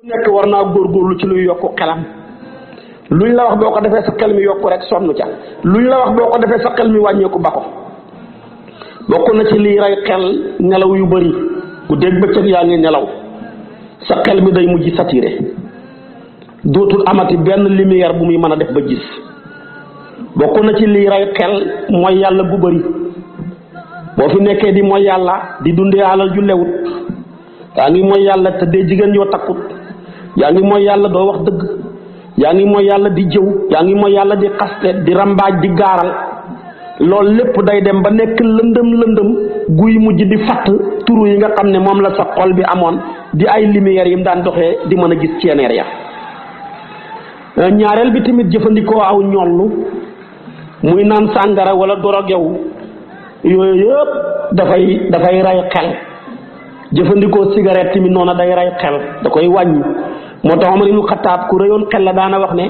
ku nekk war naa góorgóorlu ci luy yokk xelam luñ la wax boo ko defee sa xel mi yokku rek sonn ca luñ la wax boo ko defee sa xel mi wàññeeku ba ko bokk na ci lii rey xel nelaw yu bëri ku dégg bëccëg nelaw sa xel day mujj saturé dootul amati benn lumière bu muy mën a def ba gis bokk na ci lii rey xel mooy yàlla gu bari boo fi nekkee di mooy yàlla di dundee alal ju lewut yaa ngi mooy yàlla tëddee dee jigéen yoo takkut yaa ngi mooy yàlla doo wax dëgg yaa ngi mooy yàlla di jëw yaa ngi mooy yàlla di xaste di rambaaj di gaaral loolu lépp day dem ba nekk lëndëm lëndëm guy mujj di fatt turu yi nga xam ne moom la sa xol bi amoon di ay lumière yi daan doxee di mën a gis ceeneer ya euh, ñaareel bi tamit jëfandikoo aw ñollu muy naan sàngara wala dorogewu yooyu yëpp dafay dafay rey xel jëfandikoo cigarette tamit noona day rey xel da koy wàññi moo tax Omar ibnu Xataab ku reyoon xel la daana wax ne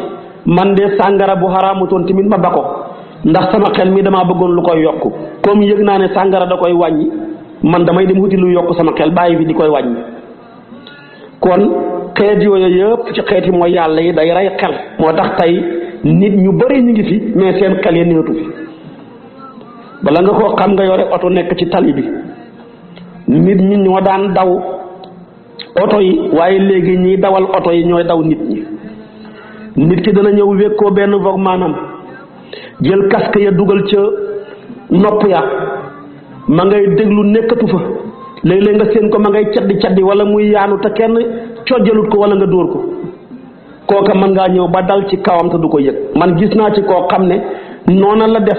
man de sàngara bu xaraamutoon tamit ma ba ndax sama xel mi damaa bëggoon lu koy yokku comme yëg naa ne sàngara da koy wàññi man damay dem wuti lu yokk sama xel bàyyi bi di koy wàññi kon xeet yooyu yëpp ci xeet yi mooy yàlla yi day rey xel moo tax tey nit ñu bëri ñu ngi fi mais seen xel yi néetu fi bala nga koo xam nga yore oto nekk ci tali bi nit ñi ñoo daan daw oto yi waaye léegi ñiy dawal oto yi ñooy daw nit ñi nit ki dana ñëw koo benn vogue maanam jël casque ya dugal ca nopp ya ma ngay déglu nekkatu fa léeg-léeg nga seen ko ma ngay caddi caddi wala muy yaanu te kenn cojjalut ko wala nga dóor ko kooka mën ngaa ñëw ba dal ci kawam te du ko yëg man gis naa ci koo xam ne noona la def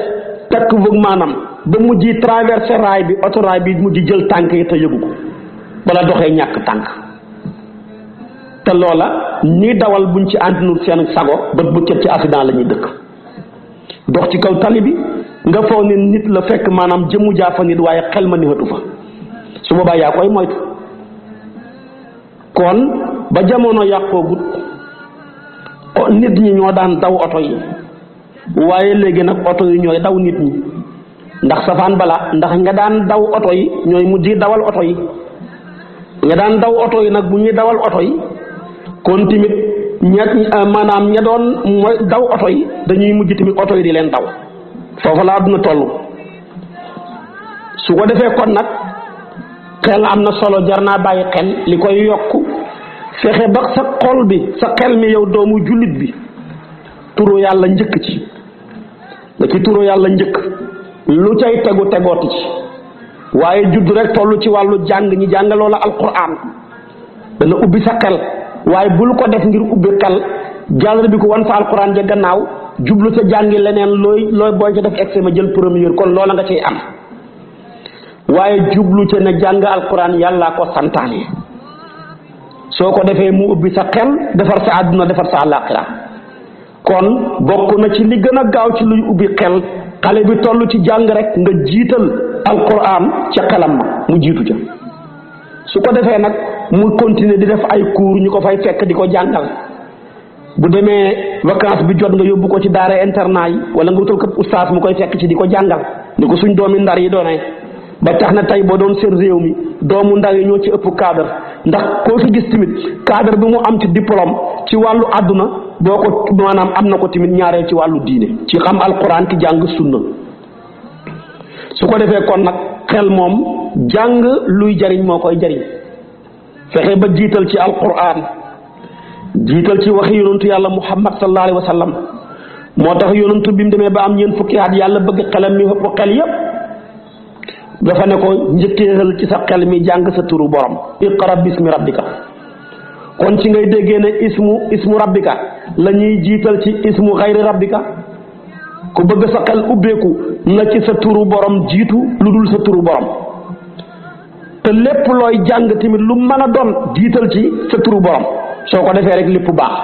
takk vogue maanam ba mujj traversé raay bi autoraay bi mujj jël tànk yi te yëgu ko bala doxee ñàkk tànk te loola ñuy dawal buñ ci àndinul seen sago ba bu ci accident lañuy dëkk dox ci kaw tali bi nga foog ne nit la fekk maanaam jëmu jaafa nit waaye xel ma ni hëtu fa su boobaa yaa koy moytu kon ba jamono yàqoogut nit ñi ñoo daan daw oto yi waaye léegi nag oto yi ñooy daw nit ñi ndax safaan bala ndax nga daan daw oto yi ñooy mujj dawal oto yi nga daan daw oto yi nag bu ñuy dawal oto yi kon tamit ña maanaam doon mooy daw oto yi dañuy mujj tamit oto yi di leen daw foofu la àdduna tollu su ko defee kon nag xel am na solo jar naa bàyyi xel li koy yokk fexe ba sa xol bi sa xel mi yow doomu jullit bi turo yàlla njëkk ci da ci turo yàlla njëkk lu cay tegu tegoot ci waaye judd rek tollu ci wàllu jàng ñi jàngaloo la alquran dana ubbi sa xel waaye bul ko def ngir ubbi xel jàllale bi ko wan fa alquran ja gannaaw jublu sa jàngi leneen looy looy booy ca def jël première kon loola nga cay am waaye jublu ca ne jàng alquran yàllaa ko santaane soo ko defee mu ubbi sa xel defar sa àdduna defar sa àllaaxira kon bokk na ci li gën a gaaw ci luy ubbi xel. xale bi toll ci jàng rek nga jiital alquran ca xelam ma mu jiitu ca su ko defee nag mu continuer di def ay cours ñu ko fay fekk di ko jàngal bu demee vacance bi jot nga yóbbu ko ci daara internat yi wala nga wutal ko oustaz mu koy fekk ci di ko jàngal ni ko suñ doomi ndar yi doonee ba tax na tey boo doon seen réew mi doomu ndar yi ñoo ci ëpp cadre ndax koo fi gis tamit cadre bi mu am ci diplôme ci wàllu àdduna boo ko maanaam am na ko tamit ñaareel ci wàllu diine ci xam alquran ki jàng sunna su ko defee kon nag xel moom jàng luy jariñ moo koy jariñ fexe ba jiital ci alquran jiital ci waxi yonantu yàlla muhammad sallallahu alayhi wa sallam moo tax yonantu bi mu demee am ñeent fukki yàlla bëgg xelam mi ëpp xel yépp dafa ne ko ci sa xel mi jàng sa turu borom iqra bismi rabbika kon ci ngay déggee ne ismu ismu rabbika la ñuy jiital ci ismu xayri rabika ku bëgg sa xel ubbeeku na ci sa turu borom jiitu lu dul sa turu borom te lépp looy jàng tamit lu mën a doon jiital ci sa turu borom soo ko defee rek lépp baax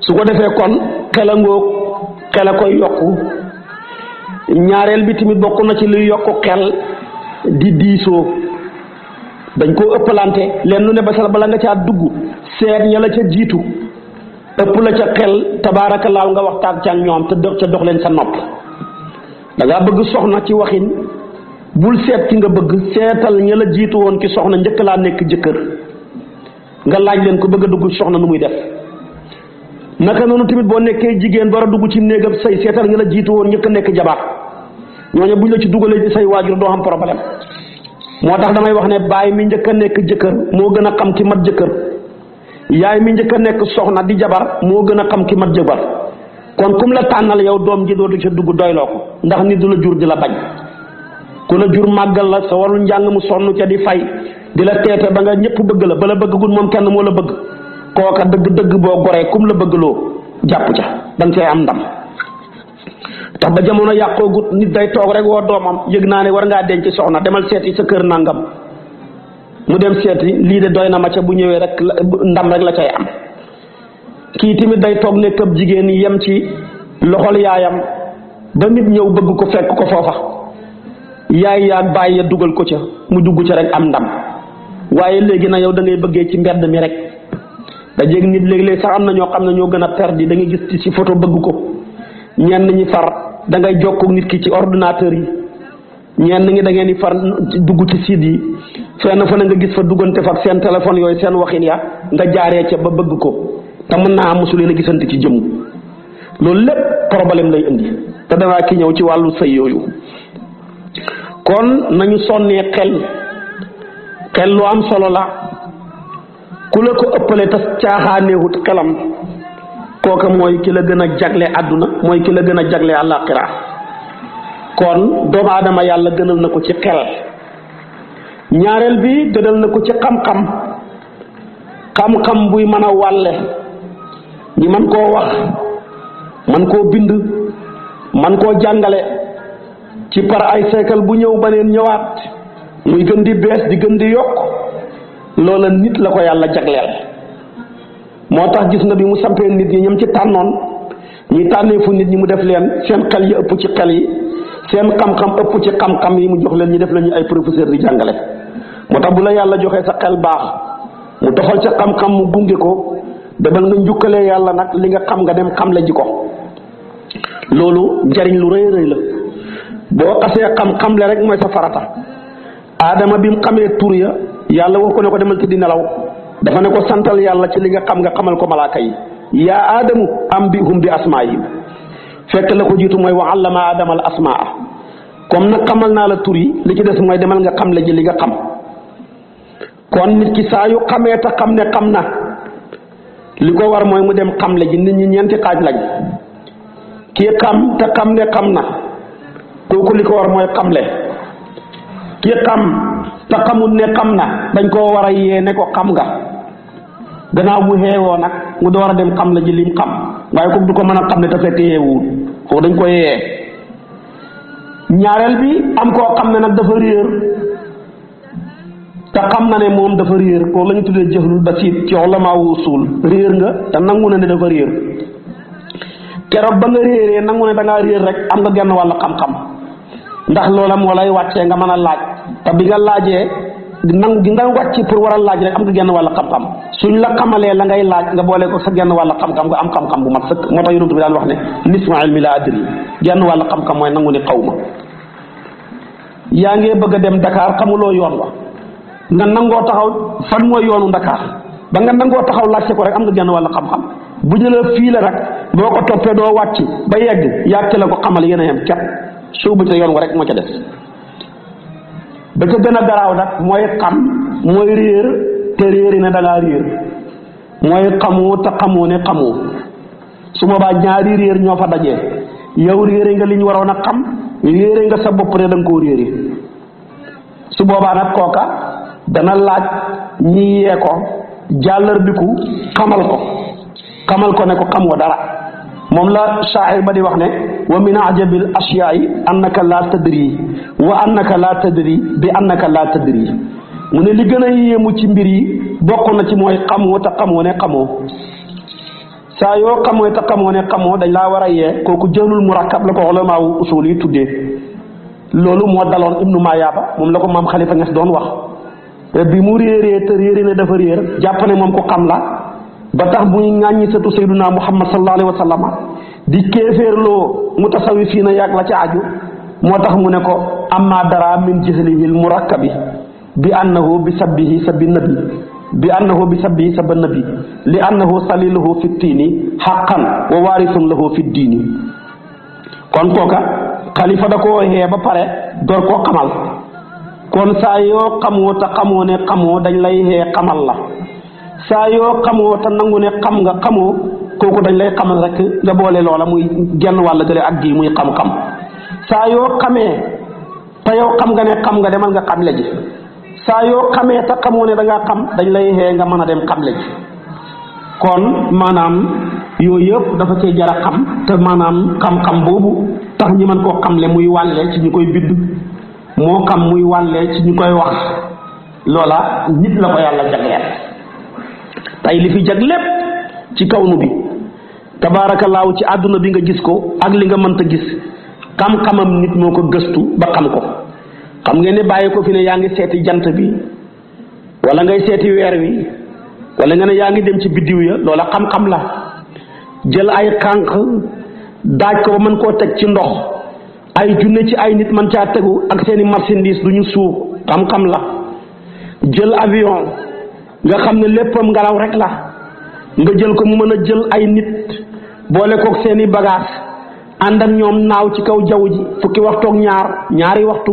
su ko defee kon xel a ngoog xel a koy yokku ñaareel bi tamit bokk na ci luy yokku xel di diisoo dañ koo ëppalante leen nu ne ba sal bala nga caa dugg seet ña la ca jiitu ëpp la ca xel laal nga waxtaan ca ñoom te dox ca dox leen sa nopp da ngaa bëgg soxna ci waxin bul seet ci nga bëgg seetal ña la jiitu woon ci soxna njëkk laa nekk jëkkër nga laaj leen ko bëgg a dugg soxna nu muy def naka noonu tamit boo nekkee jigéen war a dugg ci néegam say seetal ña la jiitu woon njëkk nekk jabaar ñooñu buñ la ci dugalee say waajur doo xam problème moo tax damay wax ne bàyyi mi njëkk a nekk jëkkër moo gën a xam ki mat jëkkër yaay mi njëkk a nekk soxna di jabar moo gën a xam ki mat jabar kon kum la tànnal yow doom ji doo du dugg doyloo ko ndax nit du la jur di la bañ ku la jur màggal la sa warul njàng mu sonn ca di fay di la teete ba nga ñëpp bëgg la ba la bëggagul moom kenn moo la bëgg kooka dëgg dëgg boo goree kum la bëgg loo jàpp ca danga cay am ndam tax ba jamono yàqoogut nit day toog rek woo doomam yëg naa ne war ngaa denc soxna demal seeti sa kër nangam mu dem yi lii de doy na ma ca bu ñëwee rek ndam rek la cay am kii tamit day toog ne këb jigéen yem ci loxol yaayam ba nit ñëw bëgg ko fekk ko foofa yaay yaa bàyyi ya dugal ko ca mu dugg ca rek am ndam waaye léegi na yow da ngay bëggee ci mbedd mi rek da jéeg nit léeg-léeg sax am na ñoo xam ne ñoo gën a perdi da ngay gis ci photo bëgg ko ñeen ñi far da ngay jokkoo nit ki ci ordinateur yi ñenn ñi dangeen di far dugg ci site yi fenn fa na nga gis fa duggante fa ak seen téléphone yooyu seen waxin ya nga jaaree ca ba bëgg ko te mën naa am mosu leen a gisante ci jëmm loolu lépp problème lay indi te danaa ki ñëw ci wàllu sëy yooyu kon nañu sonnee xel xel lu am solo la ku la ko ëppale tas caaxaaneewut xelam kooka mooy ki la gën a jagle àdduna mooy ki la gën a jagle àllaaxira kon doomu aadama yàlla gënal na ko ci xel ñaareel bi gënal na ko ci xam-xam xam-xam buy mën a wàlle ñi man koo wax man koo bind man koo jàngale ci par ay siècle bu ñëw baneen ñëwaat muy gën di bees di gën di yokk loola nit la ko yàlla jagleel moo tax gis nga bi mu sampee nit ñi ñoom ci tànnoon ñuy tànnee fu nit ñi mu def leen seen xel yi ëpp ci xel yi seen xam-xam ëpp ci xam-xam yi mu jox leen ñu def lañu ay professeur di jàngale moo tax bu la yàlla joxee sa xel baax mu doxal sa xam-xam mu gunge ko demal nga njukkalee yàlla nag li nga xam nga dem xam la ji ko loolu njariñ lu rëy rëy la boo xasee xam-xam le rek mooy sa farata aadama bi mu xamee tur ya yàlla wax ko ne ko demal tëddi nelaw dafa ne ko santal yàlla ci li nga xam nga xamal ko malaaka yi yaa aadamu am bi hum bi asmaayim fekk la ko mooy wa allama aadama al asmaa comme nag xamal naa la tur yi li ci des mooy demal nga xam la ji li nga xam kon nit ki saa yu xamee te xam ne xam na li ko war mooy mu dem xam la ji nit ñi ñeenti xaaj lañ kii xam te xam ne xam na kooku li ko war mooy xamle kii xam te xamul ne xam na dañ koo war a yee ne ko xam nga gannaaw bu xeewoo nag mu door a dem xam la ji lim xam waaye comme du ko mën a xam ne te fekk dañ ko yee ñaareel bi am koo xam ne nag dafa réer te xam na ne moom dafa réer kooku la ñu tuddee jëflul basiit ci ulamaa usul réer nga te nangu na ne dafa réer keroog ba nga réeree nangu ne da réer rek am nga genn wàll xam-xam. ndax loola moo lay wàccee nga mën a laaj te bi nga laajee nangu gi nga wàcc pour war a laaj rek am nga genn wàll xam-xam suñ la xamalee la ngay laaj nga boole ko sa genn wàll xam-xam am xam-xam bu mat sëkk moo tax yonent bi daan wax ne nisma ilmi genn wàll xam-xam mooy nangu ne xaw yaa ngee bëgg a dem ndakaar xamuloo yoon wa nga nangoo taxaw fan mooy yoonu Dakar ba nga nangoo taxaw laajte ko rek am nga genn wàll xam-xam bu ñu la fii la rek boo ko toppee doo wàcc ba yegg yàgg la ko xamal yéen a kepp su ca yoon wa rek moo ca def ba ca gën a garaaw nag mooy xam mooy réer te réeri ne da ngaa réer mooy xamoo te xamoo ne xamoo su ma baa ñaari réer ñoo fa daje yow réere nga li ñu waroon a xam réere nga sa bopp ne da nga koo réere su boobaa nag kooka dana laaj ñi yee ko jàllarbiku xamal ko xamal ko ne ko xamoo dara moom la shaa'ir ba di wax ne wa min ajabil ashyaai annaka laa tadri wa annaka laa tadri bi annaka laa tadri mu ne li gën a yéemu ci mbir yi bokk na ci mooy xamoo te xamoo ne xamoo saa yoo xamoo te xamoo ne xamoo dañ laa war a yee kooku jëlul murakkab la ko ulamaawu usul yi tuddee loolu moo daloon ibnu Mayaaba moom la ko maam Xalifa Ñas doon wax bi mu réeree te réeré ne dafa réer jàpp moom ko xam la ba tax muy ŋàññi sëtu sayduna muhammad sallallahu alayhi wa sallam di kéeféerloo mutasawi fii na yàgg la ca aju moo tax mu ne ko am amma dara min jihlihil murakkabi bi annahu bi sabbihi sabbi nabi bi annahu bi sabbihi sabba nabi li annahu saliluhu fi tiini xaqan wa waarisun lahu fi diini kon kooka xalifa da koo xee ba pare door koo xamal kon saa yoo xamoo te xamoo ne xamoo dañ lay xee xamal la saa yoo xamoo te nangu ne xam nga xamoo kooku dañ lay xamal rek nga boole loola muy genn wàll gële ak gii muy xam-xam saa yoo xamee te yow xam nga ne xam nga demal nga xamle ji saa yoo xamee te xamoo ne da xam dañ lay xee nga mën a dem xamle ji kon maanaam yooyu yëpp dafa cee jara a xam te maanaam xam-xam boobu tax ñi mën koo xam xamle muy wàllee ci ñu koy bidd moo xam muy wàllee ci ñu koy wax loola nit la ko yàlla jagleel tey li fi jag lépp ci kaw nu bi tabaarakallaahu ci àdduna bi nga gis ko ak li nga mënta gis xam-xamam nit moo ko gëstu ba xam ko xam ngeen ne bàyyi ko fi ne yaa ngi seeti jant bi wala ngay seeti weer wi wala nga ne yaa ngi dem ci biddiw ya loola xam-xam la jël ay kànq daaj ko ba mën koo teg ci ndox ay junne ci ay nit man caa tegu ak seeni marchandise du ñu suuf xam-xam la jël avion nga xam ne léppam ngelaw rek la nga jël ko mu mën a jël ay nit boole koog seeni bagaas ànd ak ñoom naaw ci kaw jaww ji fukki waxtu ak ñaar ñaari waxtu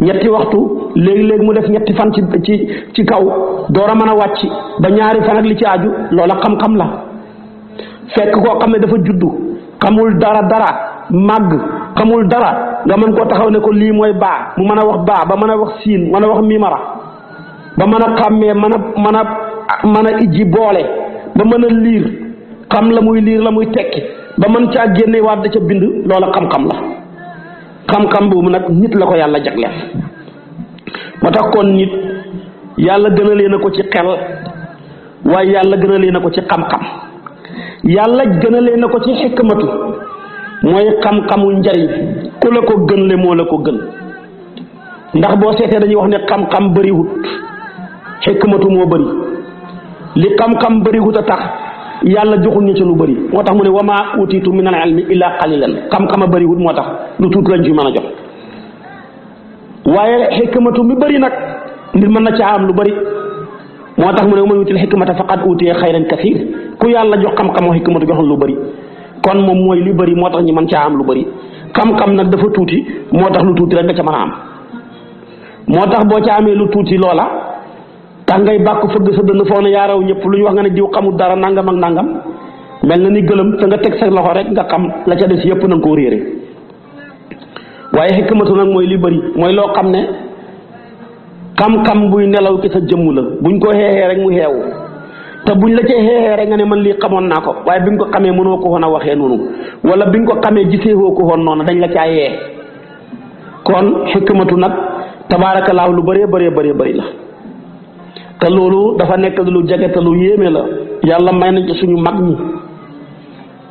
ñetti waxtu léegi-léeg mu def ñetti fan ci ci ci kaw door a mën a wàcc ba ñaari fan ak li ci aju loola xam-xam la fekk ko xam ne dafa juddu xamul dara dara màgg xamul dara nga mën koo taxaw ne ko lii mooy baa mu mën a wax baa ba mën a wax siin mën a wax mimara ba mën a xàmmee mën a mën a mën a ijji boole ba mën a liir xam la muy liir la muy tekki ba mën caa génne waat da ca bind loola xam-xam la xam-xam boobu nag nit la ko yàlla jagleel moo tax kon nit yàlla gënalee na ko ci xel waaye yàlla gënalee na ko ci xam-xam yàlla gënalee na ko ci xikmatu mooy xam-xamu njariñ ku la ko gën le moo la ko gën ndax boo seetee dañuy wax ne xam-xam bariwut xikmatu moo bëri li xam-xam bëriwut a tax yàlla joxul ñu ci lu bari moo tax mu ne wa maa utiitu na al ilmi illaa qalilan xam-xam a bëriwut moo tax lu tuut lañ fi mën a jox waaye xikmatu mën na caa am lu bari moo tax mu ne wa man utiil xikmata faqad utiya xayran kasiir ku yàlla jox xam-xam moo lu bëri kon moom mooy li bari moo tax ñi mën caa am lu bari xam-xam nag dafa tuuti moo tax lu tuuti rek nga ca mën a am moo tax boo ca amee lu tuuti loola. tax ngay bàkku fëgg sa dënn foog lu ñu wax nga ne diw xamul dara nangam ak mel na ni gëlëm nga teg sa loxo rek nga xam la ca des yëpp na nga koo réere nag mooy li bari mooy loo xam ne kam kam buy nelaw ci sa jëmm la buñ ko xeexee rek mu xeewu te buñ la ca xeexee rek nga ne man lii xamoon naa ko waaye biñ ko xamee mënoo ko woon a waxee noonu wala biñ ko xamee giseewoo ko woon noonu dañ la caa yee kon xikmatu nag laaw lu bëree bëree bëree bëri la te loolu dafa nekk lu jege te yéeme la yàlla may nañ ci suñu mag ñi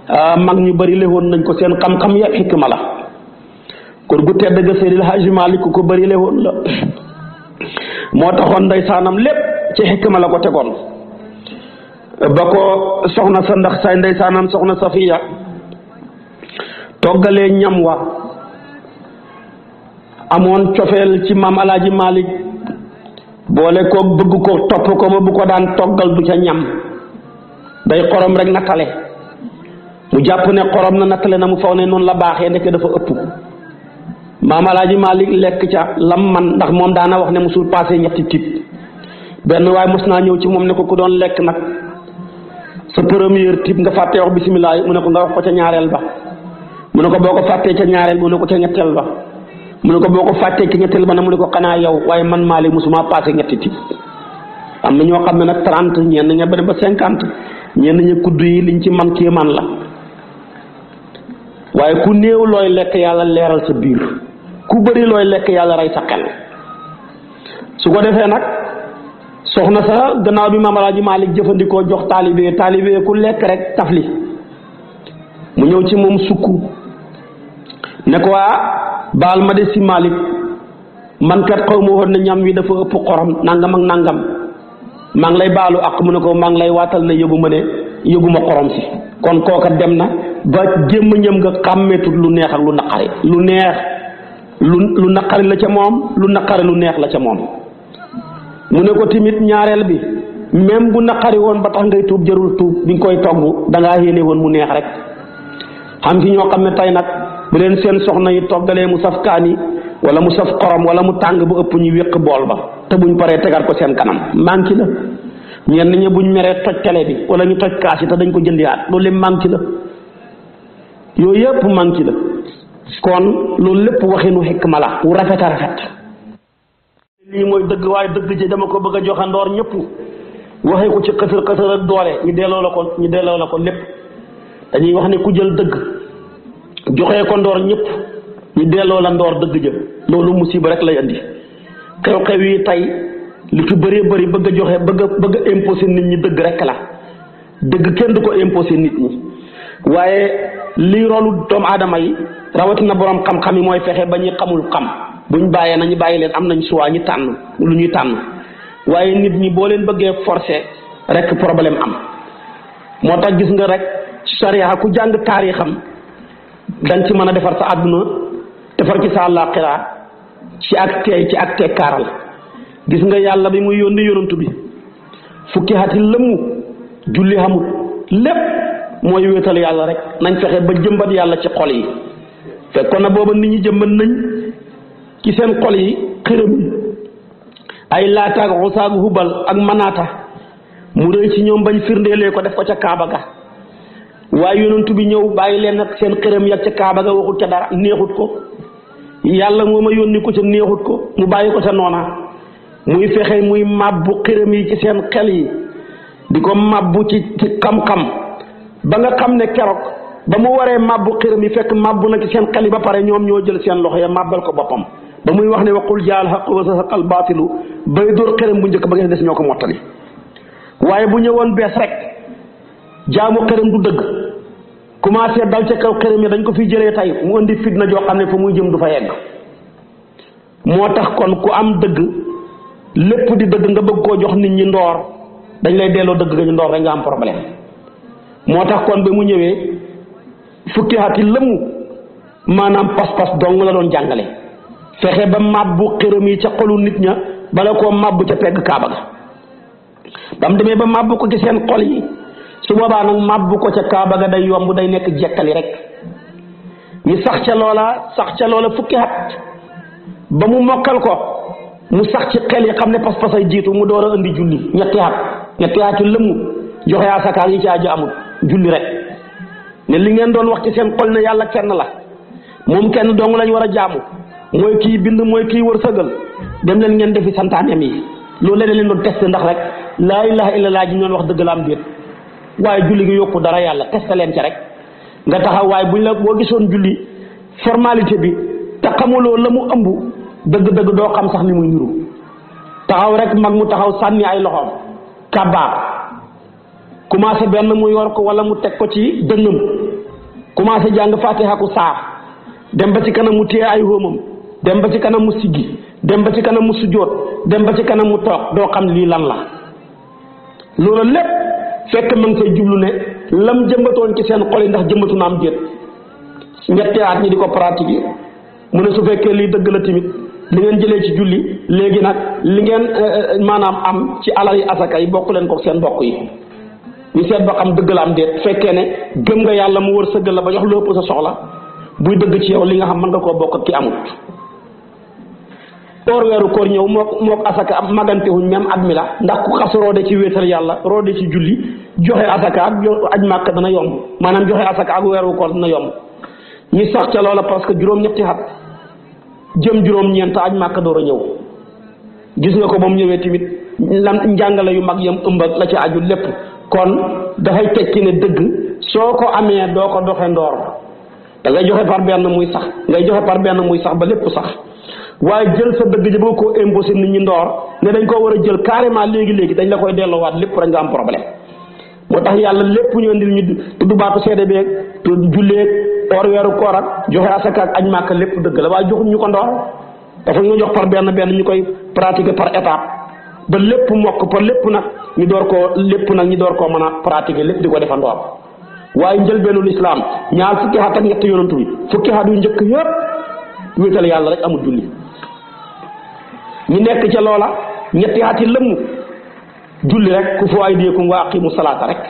ah, mag ñu bëri lewoon nañ ko seen xam-xam ya xikma la kon gu tedd ga Seydil Hajji Maalik ko bari lewoon la moo taxoon ndeysaanam lépp ci xikma la ko tegoon ba ko soxna sa ndax say ndeysaanam soxna Safiya toggalee ñam wa amoon cofeel ci maam alaaji Maalik boole koo bëgg ko topp ko ma bu ko daan toggal du ca ñam day xorom rek nattale mu jàpp ne xorom na le na mu faw ne noonu la baaxee ndeke dafa ëpp maam alaaji Malik lekk ca lam man ndax moom daana wax ne musul passé ñetti tib benn waaye mos naa ñëw ci moom ne ko ku doon lekk nag sa premier tib nga fàttee wax bisimilah mu ne ko nga wax ko ca ñaareel ba mu ne ko boo ko fàttee ca ñaareel mu ne ko ca ñetteel ba mu ne ko boo ko fàttee ki ñetteel ba ne mu ne ko xanaa yow waaye man maa léegi musuma passé ñetti tibb am na ñoo xam ne nag trente ñenn ña bëri ba cinquante ñeen ña kudd yi liñ ci man man la waaye ku néew looy lekk yàlla leeral sa biir ku bëri looy lekk yàlla rey sa xel su ko defee nag soxna sa gannaaw bi Maam Alaaji Maalik jëfandikoo jox taalibe taalibe ku lekk rek tafli mu ñëw ci moom sukk ne waa baal ma de si Malick man kat xaw ma woon ne ñam wi dafa ëpp xorom nangam ak nangam maa ngi lay baalu ak mu ne ko maa ngi lay waatal ne yëgu ma ne yëgu ma xorom si kon kooka dem na ba gémmiñam nga xàmmeetut lu neex ak lu naqari lu neex lu lu la ca moom lu naqari lu neex la ca moom mu ne ko tamit ñaareel bi même bu naqari woon ba tax ngay tuub jarul tuub bi nga koy togg dangaa yéene woon mu neex rek xam ci ñoo xam ne tey nag bu leen seen soxna yi toggalee mu saf kaani wala mu saf xorom wala mu tàng bu ëpp ñu wékk bool ba te buñ paree tegaat ko seen kanam manqué la ñenn ñi buñ meree toj télé bi wala ñu toj kaas yi te dañ ko jëndiwaat loolu lépp manqué la yooyu yëpp manqué la kon loolu lépp waxinu xikma la wu rafet a rafet lii dëgg waaye dëgg ji dama ko bëgg a joxandoor ñëpp waxee ko ci xëtër xëtër doole ñu delloo la ko ñu delloo la ko lépp dañuy wax ne ku jël dëgg joxe ko ndoor ñëpp ñu delloo la ndoor dëgg jëm loolu musiba rek lay andi xew-xew yi tey li ci bëree bëri bëgg a joxe bëgg a bëgg a nit ñi dëgg rek la dëgg kenn du ko imposé nit ñi waaye lii rolu doomu aadama yi rawatina borom xam-xam yi mooy fexe ba ñuy xamul xam buñ bàyyee nañu bàyyi leen am nañ choix ñu tànn lu ñuy tànn waaye nit ñi boo leen bëggee forcé rek problème am moo tax gis nga rek sariya ku jàng taarixam danga ci mën a defar sa àdduna defar ci sa àllaaxira ci ak teey ci ak teey kaaral gis nga yàlla bi muy yónni yonantu bi fukki xati lëmm julli xamul lépp mooy wéetal yàlla rek nañ fexe ba jëmbat yàlla ci xol yi fekkoon na booba nit ñi jëmbat nañ ci seen xol yi xërëm ay laataag xusaag hubal ak manaata mu rëy ci ñoom bañ firndeelee ko def ko ca kaaba ga waaye yonentu bi ñëw bàyyi leen nag seen xërëm yàgg ca kaaba ga waxut ca dara neexut ko yàlla moo ma yónni ko ca neexut ko mu bàyyi ko ca noona muy fexe muy màbbu xërëm yi ci seen xel yi di ko màbbu ci ci xam-xam ba nga xam ne keroog ba mu waree màbbu xërëm yi fekk màbbu na ci seen xel yi ba pare ñoom ñoo jël seen loxo ya màbbal ko boppam ba muy wax ne waqul jaal xaq wa saqal baatilu bay dóor xërëm bu njëkk ba nga des ñoo ko mottali waaye bu jaamu xërëm du dëgg commencé dal ca kaw xërëm yi dañ ko fi jëlee tey mu indi fitna joo xam ne fa muy jëm du fa yegg moo tax kon ku am dëgg lépp di dëgg nga bëgg koo jox nit ñi ndoor dañ lay delloo dëgg nga ndoor rek nga am problème moo tax kon ba mu ñëwee fukki at yi lëmu maanaam pas-pas la doon jàngale fexe ba màbbu xërëm yi ca xolu nit ña bala koo màbbu ca pegg kaaba ga ba mu demee ba màbbu ko ci seen xol yi su boobaa nag màbbu ko ca kaaba ga day yomb day nekk jekkali rek ñu sax ca loola sax ca loola fukki at ba mu mokkal ko mu sax ci xel yi xam ne pas-pasay jiitu mu door a indi julli ñetti at ñetti atu lëmm joxe asakaar yi ci aju amul julli rek ne li ngeen doon wax ci seen xol ne yàlla kenn la moom kenn dong lañ war a jaamu mooy kii bind mooy kii wërsëgal dem leen ngeen defi santaaneem yi loolu leen leen doon test ndax rek laa ilaha illa laa ji ñu wax dëgg la am waaye julli gi yokku dara yàlla testa leen ci rek nga taxaw waaye buñ la boo gisoon julli formalité bi te xamuloo la mu ëmb dëgg-dëgg doo xam sax ni muy niru taxaw rek mag mu taxaw sànni ay loxoom kàbbaar commencé benn mu yor ko wala mu teg ko ci dënnam commencé jàng fatiha ku saar dem ba ci kanam mu téye ay hóomam dem ba ci kanam mu siggi dem ba ci kanam mu sujjóot dem ba ci kanam mu toog doo xam lii lan la loolu lépp fekk ma ngi fay jublu ne lam jëmbatoon ci seen xol yi ndax jëmbatu na am déet ñetti at ñi di ko yi mu ne su fekkee lii dëgg la tamit li ngeen jëlee ci julli léegi nag li ngeen eh, eh, eh, maanaam am ci alal yi asaka yi bokk leen ko seen mbokk yi ñu seet ba xam dëgg la am déet fekkee ne gëm nga yàlla mu wër sëggal la ba jox lu ëpp sa soxla buy dëgg ci yow li nga xam mën nga koo bokk ak ki amut koor weeru koor ñëw mook mook asaka magante wuñ même at mi la ndax ku xas roode ci wéetal yàlla roode ci julli joxe asaka ak aj màkk dana yomb maanaam joxe asaka ak weeru koor dana yomb ñu sax ca loola parce que juróom-ñetti xat jëm juróom-ñeent aj màkk door a ñëw gis nga ko ba mu ñëwee tamit lan njàngale yu mag yam ëmb la ci aju lépp kon dafay tekki ne dëgg soo ko amee doo ko doxe ndoor da ngay joxe par benn muy sax ngay joxe par benn muy sax ba lépp sax waaye jël sa dëgg ji boo ko imposé nit ñi ndoor ne dañ koo war a jël carrément léegi léegi dañ la koy delloowaat lépp dañ nga am problème moo tax yàlla lépp ñu indil ñu tudd baatu seede beeg tudd julleeg or weeru koor ak joxe asaka ak añ màkk lépp dëgg la waaye joxuñ ñu ko ndoor dafa ñu jox par benn benn ñu koy pratiquer par étape ba lépp mokk par lépp nag ñu door koo lépp nag ñu door koo mën a pratiquer lépp di ko defa ndoor waaye njëlbeenul islaam ñaar fukki xat ak ñett yonantu bi fukki xat yu njëkk yëpp wéetal yàlla rek amul julli ñi nekk ca loola ñetti ati lëmm julli rek ku fu ay deekum wa aqimu salaata rek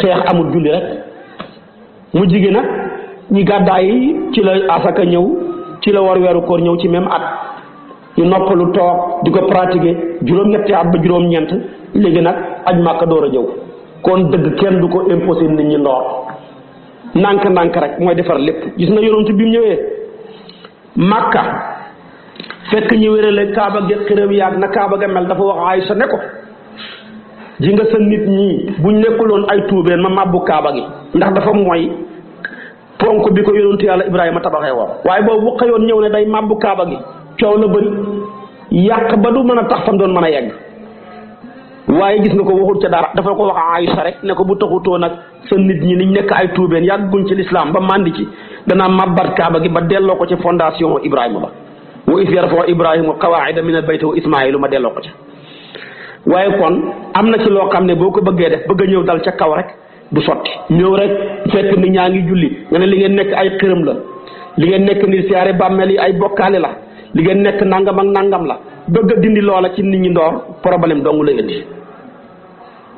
xeex amul julli rek mu jigéen nag ñi gàddaay yi ci la asaka ñëw ci la war weeru koor ñëw ci même at ñu noppalu toog di ko pratiquer juróom-ñetti at ba juróom-ñeent léegi nag aj màkka door a jëw kon dëgg kenn du ko imposé nit ñi ndoor ndànk-ndànk rek mooy defar lépp gis nga yonent bi mu ñëwee màkka fekk ñu wérale kaaba ga xiram yaag na kaaba ga mel dafa wax Aysa ne ko ji nga sa nit ñi buñ nekkuloon ay tuubeen ma màbbu kaaba gi ndax dafa mooy ponk bi ko yonentu yàlla Ibrahima tabaxee woon waaye boobu bu xëyoon ñëw ne day màbbu gi coow la bëri ba du mën a tax fam yegg waaye gis nga ko waxul ca dara dafa ko wax rek ne ko bu taxutoo nag sa nit ñi niñ nekk ay tuubeen yàgguñ ci lislaam ba màndi ci danaa màbbat kaaba gi ba delloo ko ci fondation Ibrahima ba wa is yarfoo ibrahima qawaida min al bayti wa ismailu ma delloo ko ca waaye kon am na ci loo xam ne boo ko bëggee def bëgg a ñëw dal ca kaw rek du sotti ñëw rek fekk ni ñaa ngi julli nga ne li ngeen nekk ay xërëm la li ngeen nekk ni siyaare bàmmeel yi ay bokkaale la li ngeen nekk nangam ak nangam la bëgg a dindi loola ci nit ñi ndoor problème dong la indi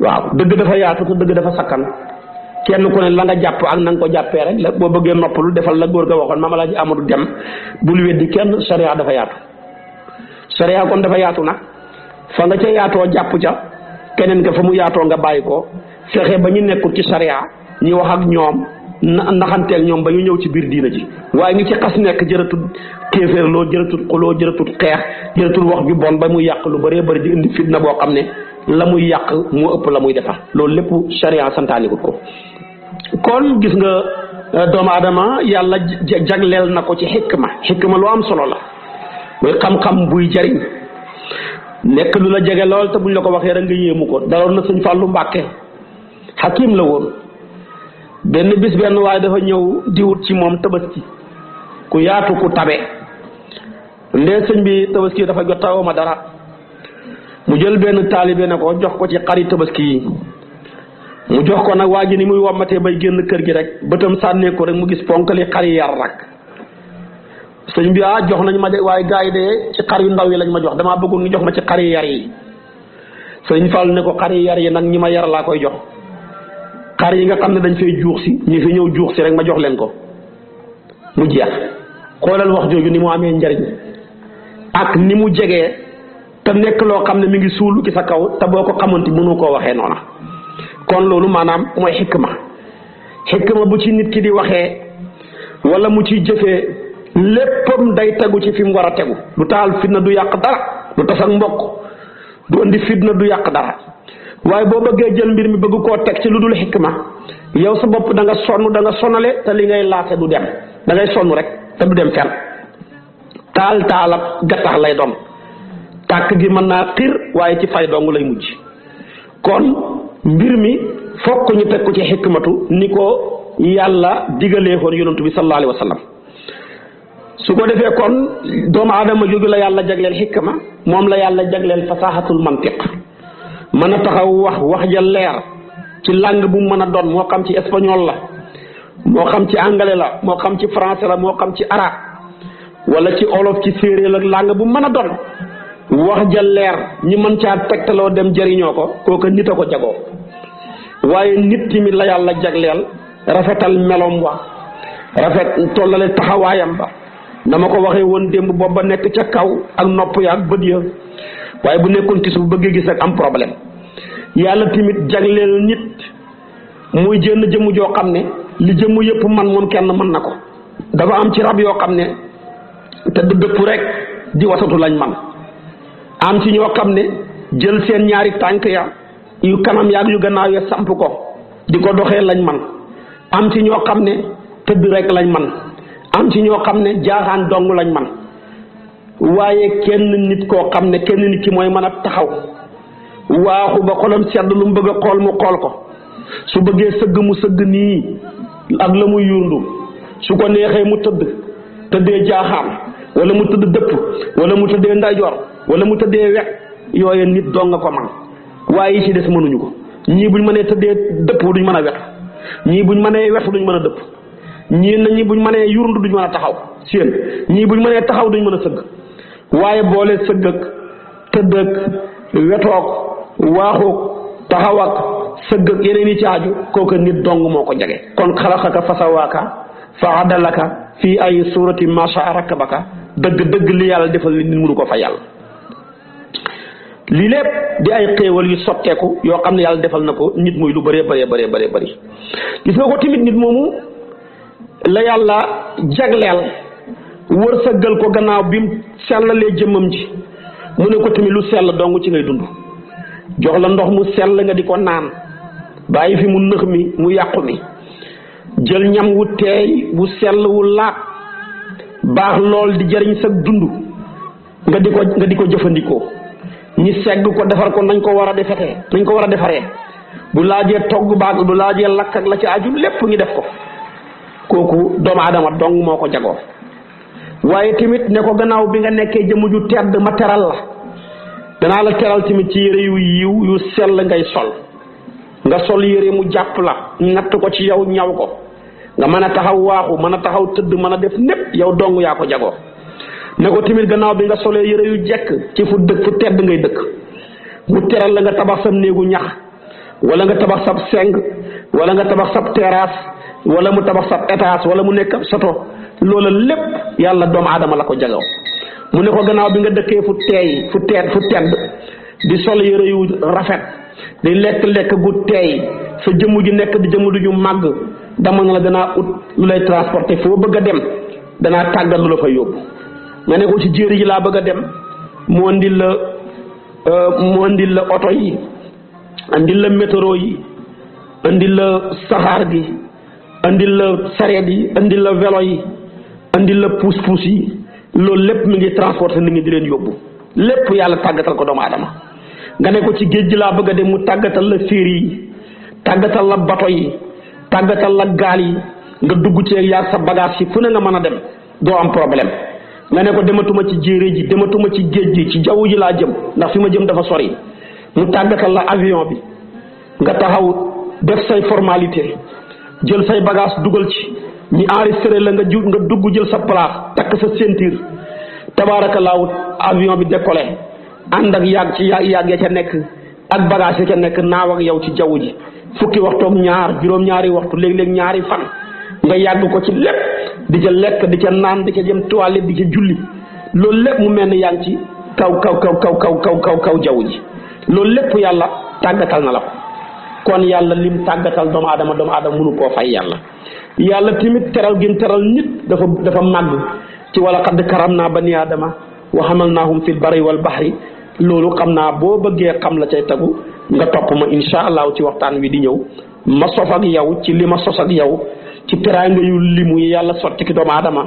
waaw dëgg dafa yaatu te dëgg dafa sakkan kenn ko ne la nga jàpp ak na ko jàppee rek la boo bëggee noppalu defal la góor ga waxoon maam Alaaji Amadu Dem bul weddi kenn sariya dafa yaatu sariya kon dafa yaatu nag fa nga ca yaatoo jàpp ca keneen ka mu yaatoo nga bàyyi ko fexe ba ñu nekkul ci sariya ñu wax ak ñoom na naxanteel ñoom ba ñu ñëw ci biir diina ji waaye ngi ci xas nekk jërëtul téeféerloo jërëtul xuloo jërëtul xeex jërëtul wax ju bon ba muy yàq lu bëree bëri di indi fitna boo xam ne la muy yàq moo ëpp la muy defar loolu lépp sariya santaaniwut ko kon gis nga euh, doomu aadama yàlla jagleel na ko ci xikma ma lu am solo la muy xam-xam buy jariñ nekk lu la jege lool te buñ la ko waxee rek nga yéemu ko daloon na suñ fàllu mbàkke xakim la woon benn bis benn waaye dafa ñëw di ci moom tabaski ku yaatu ku tabe ndee sëñ bi tabaski dafa jot tawoo ma dara mu jël benn taalibe ne ko jox ko ci xari tabaski yi mu jox ko nag waa ji ni muy wommatee bay génn kër gi rek bëtam sànnee ko rek mu gis ponkali xar yi yar rak sëñ bi ah jox nañu ma de waaye gaa yi de ci xar yu ndaw yi lañ ma jox damaa bëggoon ñu jox ma ci xar yi sëñ Fall ne ko xar yi yar yi nag ñi ma yar laa koy jox xar yi nga xam ne dañ fay juux si ñu ñëw juux si rek ma jox leen ko mu jeex xoolal wax jooju ni mu amee njariñ ak ni mu jegee te nekk loo xam ne mu ngi suulu ci sa kaw te boo ko xamante munu koo waxee noona kon loolu maanaam mooy xikma xikma bu ci nit ki di waxee wala mu ci jëfee léppam day tegu ci fi mu war a tegu du taal fitna du yàq dara du tas ak mbokk du indi fitna du yàq dara waaye boo bëggee jël mbir mi bëgg koo teg ci lu dul xikma yow sa bopp danga nga sonn da nga te li ngay laate du dem da sonn rek te du dem fenn taal taalab gattax lay doon tàkk gi mën naa xiir waaye ci fay dong lay mujj kon mbir mi fokk ñu teg ko ci xikmatu ni ko yàlla digalee woon yonantu bi su ko defee kon doomu aadama jooju la yàlla jagleel xikma moom la yàlla jagleel fasaxatul mantiq mën a taxaw wax wax ja leer ci langue bu mu mën a doon moo xam ci espagnol la moo xam ci anglais la moo xam ci français la moo xam ci arabe wala ci olof ci séeréer la làng bu mu mën a doon wax ja leer ñi mën caa tegtaloo dem jariñoo ko kooka nit a ko jagoo waaye nit tamit la yàlla jagleel rafetal meloom wa rafet tollale taxawaayam ba dama ko waxee woon démb boobu ba nekk ca kaw ak nopp ya ak bët ya waaye bu nekkoon tis bu bëggee gis ak am problème yàlla tamit jagleel nit muy jënn jëmm joo xam ne li jëmm yëpp man moom kenn mën na ko dafa am ci rab yoo xam ne te du dëpp rek di wasatu lañ man am ci ñoo xam ne jël seen ñaari tànk ya yu kanam yaag yu gannaaw ya samp ko di ko doxee lañ man am ci ñoo xam ne tëdd rek lañ man am ci xam ne jaaxaan dong lañ man waaye kenn nit koo xam ne kenn nit ki mooy mën a taxaw waaxu ba xolam sedd lu mu bëgg a xool mu xool ko su bëggee sëgg mu sëgg nii ak la muy yundu su ko neexee mu tëdd tëddee jaaxaan wala mu tëdd dëpp wala mu tëddee ndeyjoor wala mu tëddee wet yooyu nit doo nga ko man waaye yi ci des mënuñu ko ñii buñ mënee tëddee dëpp duñ mën a wetu ñii buñ mënee wetu duñ mën a dëpp na ñi buñ mënee yurundu duñ a taxaw seen ñii buñ mënee taxaw duñ mën a sëgg waaye boole sëgg ak tëdd ak wetoog waaxoog yeneen yi ci aju kooka nit dong moo ko jege kon xalaxaka fasawaaka fa adalaka fii ay surati macha rakabaka dëgg dëgg li yàlla defal li nit ko fa yàlla lii lépp di ay xéewal yu sotteeku yoo xam ne yàlla defal na ko nit muy lu bëree bëree bare bare bëri gis nga ko tamit nit moomu la yàlla jagleel wërsëgal ko gannaaw bi mu sellalee jëmmam ji mu ne ko tamit lu sell dong ci ngay dund jox la ndox mu sell nga di ko naan bàyyi fi mu nëx mi mu yàqu mi jël ñam wu teey wu sell wu laab baax lool di jariñ sa dund nga di ko nga di ko jëfandikoo ñi segg ko defar ko nañ ko war a defatee nañ ko war a defaree bu laajee togg baag bu laajee lakk ak la ci aju lépp ñu def ko kooku doomu aadama dong moo ko jago waaye tamit ne ko gannaaw bi nga nekkee jëmm ju tedd ma teral la danaa la teral tamit ci yére yu yiw yu sell ngay sol nga sol yére mu jàpp la natt ko ci yow ñaw ko nga mën a taxaw waaxu mën a taxaw tëdd mën a def népp yow dong yaa ko jagoo ne ko tamit gannaaw bi nga solee yëre yu jekk ci fu dëkk fu tedd ngay dëkk mu teral la nga tabax sam néegu ñax wala nga tabax sab seng wala nga tabax sab terrasse wala mu tabax sab étage wala mu nekk ab soto loola lépp yàlla doomu aadama la ko jagoo mu ne ko gannaaw bi nga dëkkee fu teey fu tedd fu tedd di sol yére yu rafet di lekk lekk gu teey sa jëmm ji nekk di jëmm ju màgg dama na la danaa ut lu lay transporter foo bëgg a dem danaa tàggat lu la fa yóbbu nga ne ko ci jéeri ji laa bëgg a dem mu andil la euh, mu andil la oto yi andil la métro yi andil la saxaar gi andil la sareet yi andil la vélo yi andil la puus-puus yi loolu lépp mu ngi transporté nit ñi di leen yóbbu lépp yàlla tàggatal ko doomu adama nga ne ko ci géej gi laa bëgg a dem mu tàggatal la séeri yi tàggatal la bato yi tàggatal la gaal yi nga dugg ci yaag sa bagage yi fu ne nga mën a dem doo am problème nga ne ko dematuma ci jéere ji dematuma ci géej gi ci jaww ji laa jëm ndax fi ma jëm dafa sori mu tàggatal la avion bi nga taxaw def say formalité jël say bagage dugal ci ñi enregistré la nga nga dugg jël sa place takk sa ceinture tabaarakallaahu avion bi décollé ànd ak yàgg ci yàgg ca nekk ak bagage yi ca nekk naaw ak yow ci jaww ji fukki waxtoog ñaar juróom-ñaari waxtu léeg-léeg ñaari fan nga yàgg ko ci lépp di ca lekk di ca naan di ca jëm toilette di ca julli loolu lépp mu mel ni yaa ngi ci kaw kaw kaw kaw kaw kaw kaw kaw jaww ji loolu lépp yàlla tàggatal na la ko kon yàlla lim tàggatal doomu aadama doomu aadama munu koo fay yàlla yàlla tamit teral gin teral nit dafa dafa màgg ci walla xadd karam naa ba bani aadama wa hamalnaahum fil barri wal bahri loolu xam naa boo bëggee xam la cay tagu nga topp ma incha allahu ci waxtaan wi di ñëw ma sof ak yow ci li ma sos ak yow ci teraanga yu limu yi yàlla sotti ki doomu aadama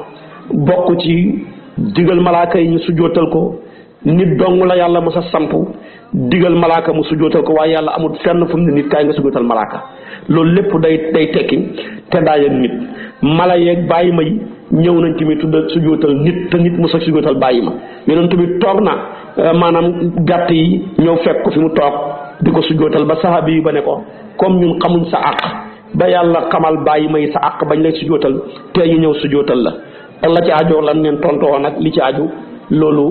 bokk ci digal malaaka yi ñu sujootal ko nit dong la yàlla mos a samp digal malaaka mu sujootal ko waaye yàlla amul fenn fu mu ne nit kaay nga sujootal malaaka loolu lépp day day tekki te daay ak nit mala yeeg bàyyi ma ñëw nañ tamit tudd sujootal nit te nit mos a sujootal bàyyi ma yonent bi toog na euh, maanaam gàtt yi ñëw fekk ko fi mu toog di ko sujootal ba saxaabi yi ba ne ko comme ñun xamuñ sa àq ba yàlla kamal bàyyi may sa àq bañ lay sujootal te ñu ñëw sujootal la ak la ci aajo lan leen tontoo nag li ci aju loolu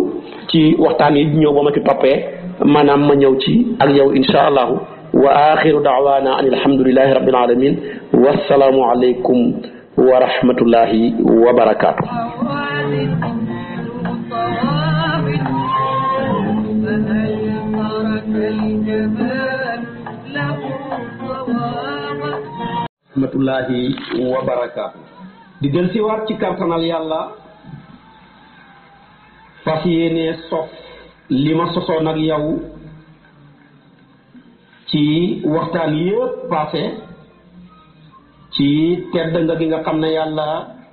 ci waxtaan yi ñëw ba ma ci toppee maanaam ma ñëw ci ak yow insha allahu wa axiru daawaana an alhamdulilahi rabbil alamin wasalaamu aleykum wa wa barakaatu rahmatullahi wa di del siwaat ci kartanal yàlla fas yéene sof li ma sosoon ak yow ci waxtaan yëpp passé ci tedd nga gi nga xam ne yàlla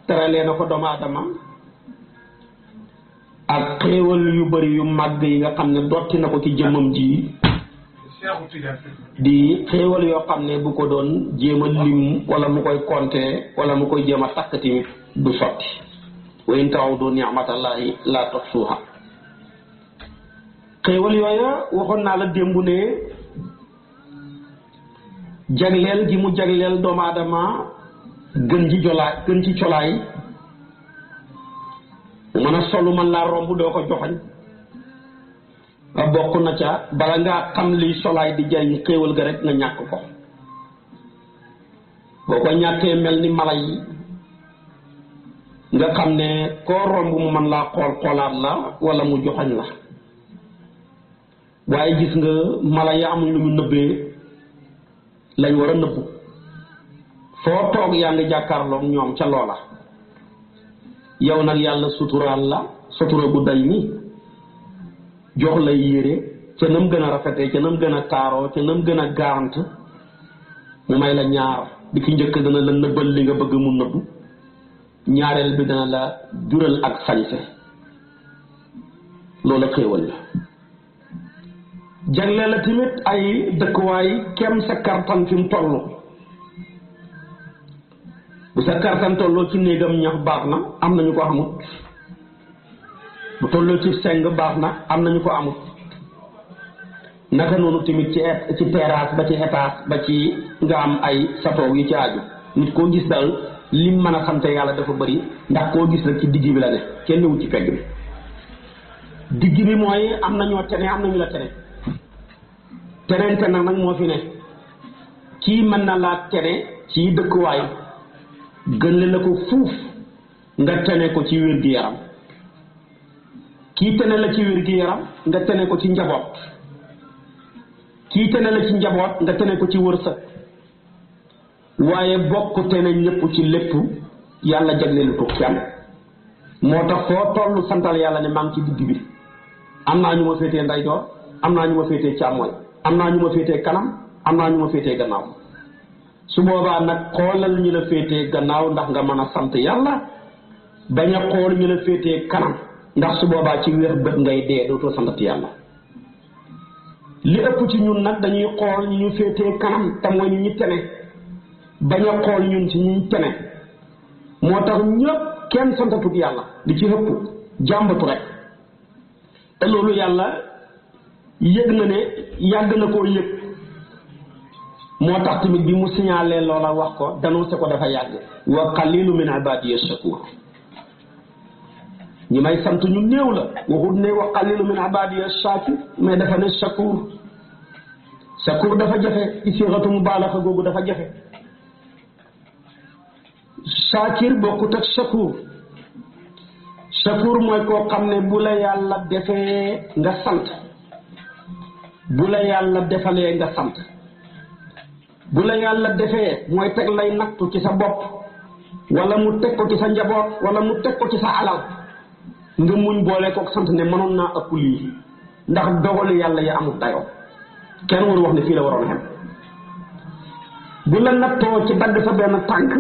teralee na ko doomu ak xéewal yu bari yu màgg yi nga xam ne dotti na ko ci jëmmam ji di xéewal yoo xam ne bu ko doon jéema lim wala mu koy compter wala mu koy jéem a takk tamit du sotti wa in ta'udu ni'matallahi la tuhsuha xéewal yooya waxoon naa la démb ne jagleel gi mu jagleel doomu aadama gën ci jolaay gën ci colaay mën a solu man laa romb doo ko joxoñ ba bokk na ca bala ngaa xam liy solaay di jariñ xéewal ga rek nga ñàkk ko boo ko ñàkkee mel ni mala yi nga xam ne koo romb mu mën laa xool xoolaat la wala mu joxañ la waaye gis nga mala yi amuñ lu ñu nëbbee lañ war a nëbbu foo toog yaa ngi jàkkaarloog ñoom ca loola yow nag yàlla suturaal la sutura bu day nii jox la yére ca nam gën a rafetee ca nam gën a taaroo ca nam gën a gaarant mu may la ñaar bi ki njëkk dana la nëbbal li nga bëgg mu nëbbu ñaareel bi dana la jural ak sañse loolu xéewal la jagle la tamit ay dëkkuwaay kem sa kartan fi mu toll bu sa kartan tolloo ci néegam ñax baax na am na ñu ko xamut tolloo ci seng baax na am nañu ko amut naka noonu tamit ci e-, ci terrasse ba ci étage ba ci nga am ay sato yu ci aaju nit koo gis daal lim mën a xamte yàlla dafa bari ndax koo gis rek ci digg bi la ne kenn wut ci pegg bi digg bi mooy am na ñoo tene am na ñu la tene tenente nag moo fi ne kii mën na laa tene ci dëkkuwaay gën la ko fuuf nga tene ko ci wér-gi-yaram kii tene la ci wér gi yaram nga tene ko ci njaboot kii tene la ci njaboot nga tene ko ci wërsëg waaye bokk tene ñëpp ci lépp yàlla jagleelu ko kenn moo tax foo toll santal yàlla ne maa ngi ci digg bi am naa ñu ma féetee ndeyjoor am naa ñu ma féete càmmooñ am naa ñu ma féetee kanam am naa ñu ma féetee gannaaw su boobaa nag xoolal ñu la féetee gannaaw ndax nga mën a sant yàlla bañ a xool ñu la féetee kanam ndax su boobaa ci wér bët ngay dee dootoo santati yàlla li ëpp ci ñun nag dañuy xool ñu ñu féetee kanam te mooy ñu ñu tene bañ xool ñun ci ñu tene moo tax ñëpp kenn santatut yàlla di ci ëpp jàmbatu rek te loolu yàlla yëg na ne yàgg na koo yëg moo tax tamit bi mu signalé loola wax ko danoo se ko dafa yàgg lii wa qalilu min ibadiya shakur ñu may sant ñu néew la waxut ne wa qalilu min abadiya shaakir mais dafa ne shakur shakur dafa jafe ci siratu mubaalaxa dafa jafe shaakir bokkut ak shakur shakur mooy koo xam ne bu la yàlla defee nga sant bu la yàlla defalee nga bu la yàlla defee mooy teg lay nattu ci sa bopp wala mu teg ko ci sa njaboot wala mu teg ko ci sa alal nga muñ boole kook sant ne mënoon naa ëpp lii ndax dogalu yàlla ya amul dayoo kenn waru wax ne fii la waroon xem bu la nattoo ci dagg sa benn tànk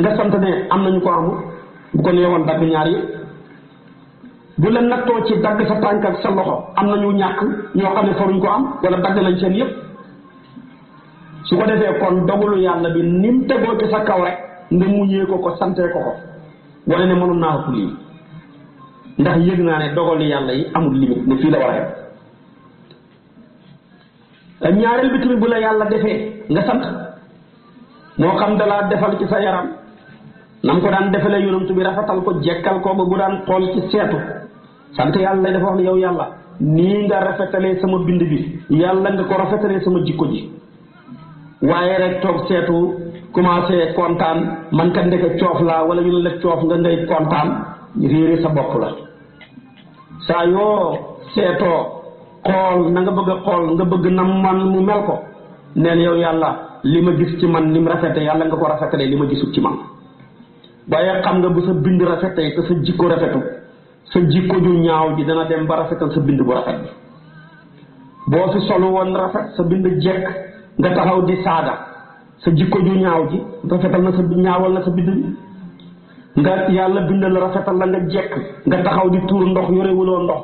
nga sant ne am nañu ko amul bu ko neewoon dagg ñaar yi bu ci dagg sa tànk ak sa loxo am na ñu ñàkk ñoo xam ne faruñ ko am wala dagg nañ seen yëpp su ko defee kon dogalu yàlla bi ni mu tegoo ci sa kaw rek nga muñee ko ko santee ko ko wane ne mënoon naa ëpp lii ndax yëg naa ne dogal yàlla yi amul limite ne fii la war a yem ñaareel bi tamit bu la yàlla defee nga sant moo xam dalaa defal ci sa yaram nam ko daan defalee yonamtu bi rafetal ko jekkal ko ba bu daan xool ci seetu sant yàlla lay dafa wax ne yow yàlla nii nga rafetalee sama bind bi yàlla nga ko rafetalee sama jikko ji waaye rek toog seetu commencé kontaan man kat ndeke coof laa wala ñu ne la coof nga ngay kontaan réere sa bopp la saa yoo seetoo xool na nga bëgg xool nga bëgg nam man mu mel ko neen yow yàlla li ma gis ci man ni mu rafete yàlla nga ko rafetale li ma gisul ci man waaye xam nga bu sa bind rafetee te sa jikko rafetu sa jikko ju ñaaw ji dana dem ba rafetal sa bind bu rafet bi boo si solu woon rafet sa bind jekk nga taxaw di saaga sa jikko ju ñaaw ji rafetal na sa ñaawal na sa bind bi nga yàlla bindal rafetal la nga jekk nga taxaw di tuur ndox yorewuloo ndox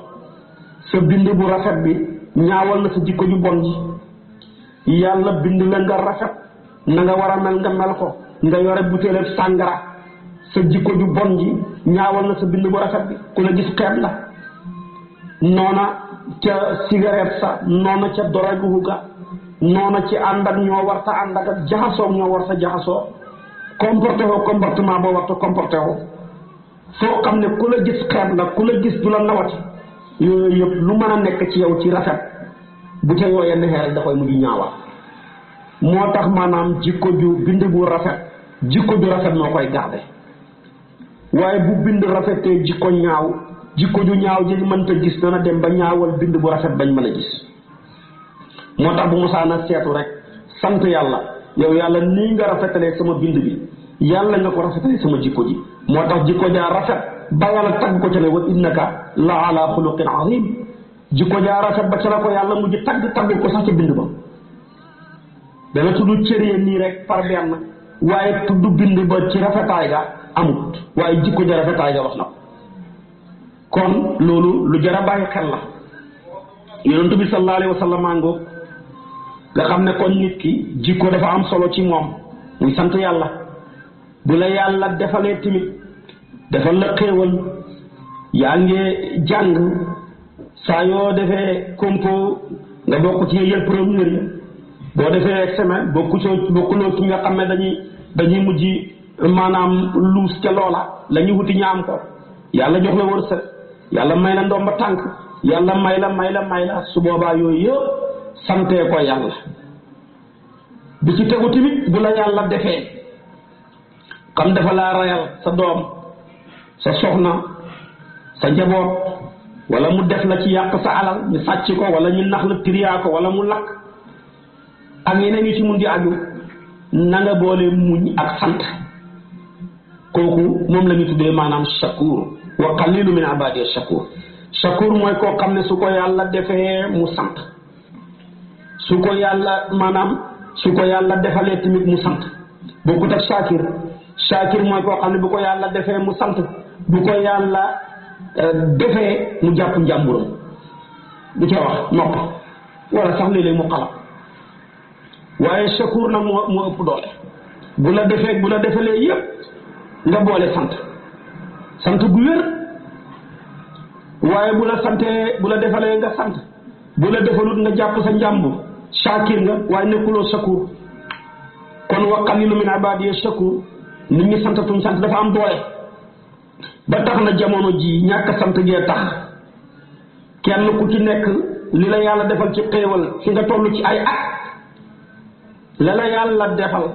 sa bind bu rafet bi ñaawal na sa jikko ju bon ji bind la nga rafet na nga war a mel nga mel ko nga sàngara sa jikko ju bon ji ñaawal na sa bind bu rafet bi ku la gis xeet la noona ca cigarette sa noona ca doroguhu ga noona ci ànd ak ñoo war ta ànd ak ak jaxasoo ñoo war ta jaxasoo comporté woo comportement boo warta comporté xam ne ku la gis xeeb la ku la gis du la nawati yooyu yëpp lu mën a nekk ci yow ci rafet bu ca yoo yenn xeer dafay mujj ñaawal moo tax maanaam jikko ju bind bu rafet jikko ju rafet moo koy garde waaye bu bind rafetee jikko ñaaw jikko ju ñaaw ji mënta gis dana dem ba ñaawal bind bu rafet bañ mën a gis moo tax bu musaana seetu rek sant yàlla yow yàlla nii nga rafetalee sama bind bi yàlla nga ko rafetalee sama jikko ji moo tax jikko jaa rafet ba yàlla tagg ko ca ne wa innaka la ala xuluqin azim jikko jaa rafet ba ca la ko yàlla mujj tagg tagg ko sax ca bind ba dana tudd cër ya nii rek par benn waaye tudd bind ba ci rafetaay ga amut waaye jikko ja rafetaay ga wax na kon loolu lu jar a bàyyi xel la yonent bi sallallahu alayhi wa sallam nga xam ne kon nit ki jikko dafa am solo ci moom muy sant yàlla bu la yàlla defalee tamit dafa la xéewal yaa ngi jàng saa yoo defee compo nga bokk ci yëpp première yi boo defee examen bokku soo bokkuloo ci nga xam ne dañuy dañuy mujj maanaam luus ca loola lañuy ñu wuti ñaam ko yàlla jox la wërsëg yàlla may la ba tànk yàlla may la may la may yooyu yëpp santee ko yàlla bi ci tegu tamit bu la yàlla defee kam dafa laa rayal sa doom sa soxna sa njaboot wala mu def la ci yàq sa alal ñu sàcc ko wala ñu nax la tiriyaa ko wala mu lakk ak yeneen yu ci mun di aju na nga boole muñ ak sant kooku moom la ñu tuddee maanaam shakur wa qalilu min abadi shakur shakur mooy koo xam ne su ko yàlla defee mu sant su ko yàlla maanaam su ko yàlla defalee tamit mu sant bokkut ak Shakir Shakir mooy koo xam ne bu ko yàlla defee mu sant bu ko euh, mu jàpp njàmburam du ca wax nopp wala sax léeg mu xalab waaye Shakur na moo ëpp doole bu la defee bu la defalee yépp nga boole sant sant gu waaye bu la santee bu la sant bu la defalut nga jàpp sa njàmbur saakir nga waaye nekkuloo sakuur kon wa qalilu min ibadiya shakur nit ñi santatuñ sant dafa am doole ba tax na jamono ji ñàkk sant gee tax kenn ku ci nekk li la yàlla defal ci xéewal fi nga toll ci ay at la la yàlla defal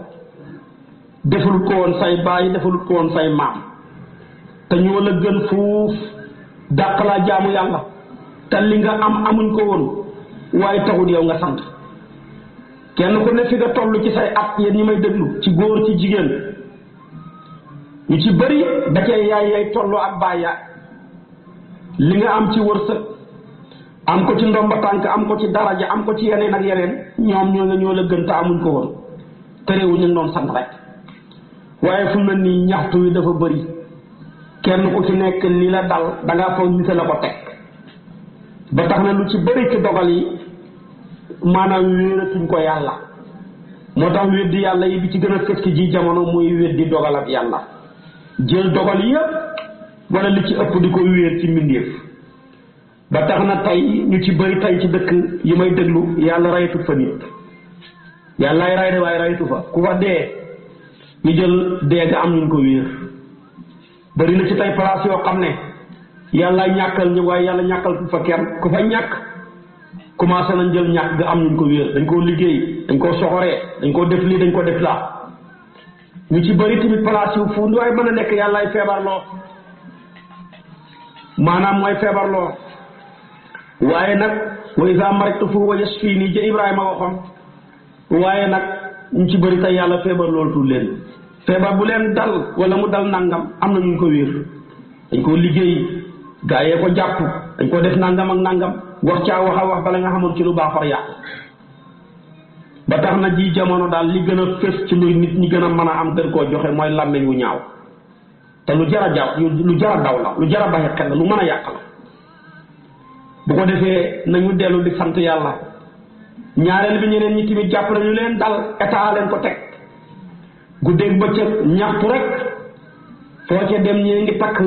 deful ko woon say baay deful ko say maam te ñoo la gën fuuf dàq laa jaamu yàlla te li nga am amuñ ko woon waaye taxul yow nga sant kenn ko ne fi nga toll ci say at yéen ñi may déglu ci góor ci jigéen ñu ci bëri da cee yaay yaay toll ak bàyya li nga am ci wërsëg am ko ci ndomba tànk am ko ci daraja am ko ci yeneen ak yeneen ñoom ñoo nga ñoo la gën te ko woon te réew ñu doon sant rek waaye fu mu ne nii ñaxtu wi dafa bëri kenn ku ci nekk ni la dal da ngaa foog nite la ko teg ba tax na lu ci bëri ci dogal yi. maanaam wéeratuñ ko yàlla moo tax weddi yàlla yi bi ci gën a fës ji jamono mooy weddi dogal ak yàlla jël dogal yépp wala li ci ëpp di ko wéer ci mbindéef ba tax na tay ñu ci bari tey ci dëkk yi may déglu yàlla raytu fa nit yàllaay ray de waaye raytu fa ku fa dee ñu jël dee ga am ñu ko wéer bëri na ci tey place yoo xam ne yàlla ñàkkal ñu waaye yàlla ñàkkal ku fa kenn ku fa ñàkk commencé nañ jël ñàkk nga am nañ ko wéer dañ koo liggéey dañ koo soxoree dañ koo def lii dañ koo def laa ñu ci bari tamit place yu fu waaye mën a nekk yàllaay feebarloo maanaam mooy feebarloo waaye nag wa iza maritu waaye nag ñu ci bëri yàlla feebar loolu tuut leen feebar bu leen dal wala mu dal nangam am na ñu ko wéer dañ koo liggéey gaa yee ko jàpp dañ koo def nangam ak nangam. wax caa wax a wax bala nga xamoon ci lu baax far yàq ba tax na ji jamono daal li gën a fës ci luy nit ñi gën a mën a am gën koo joxe mooy làmmiñ wu ñaaw te lu jar a jaaw lu jar a daw la lu jara ba bàyyi xel la lu mën a yàq la bu ko defee mu dellu di sant yàlla ñaareel bi ñeneen ñi tamit jàpp nañu leen dal état leen ko teg guddeeg bëccëg ñaxtu rek foo ca dem ñee ngi takk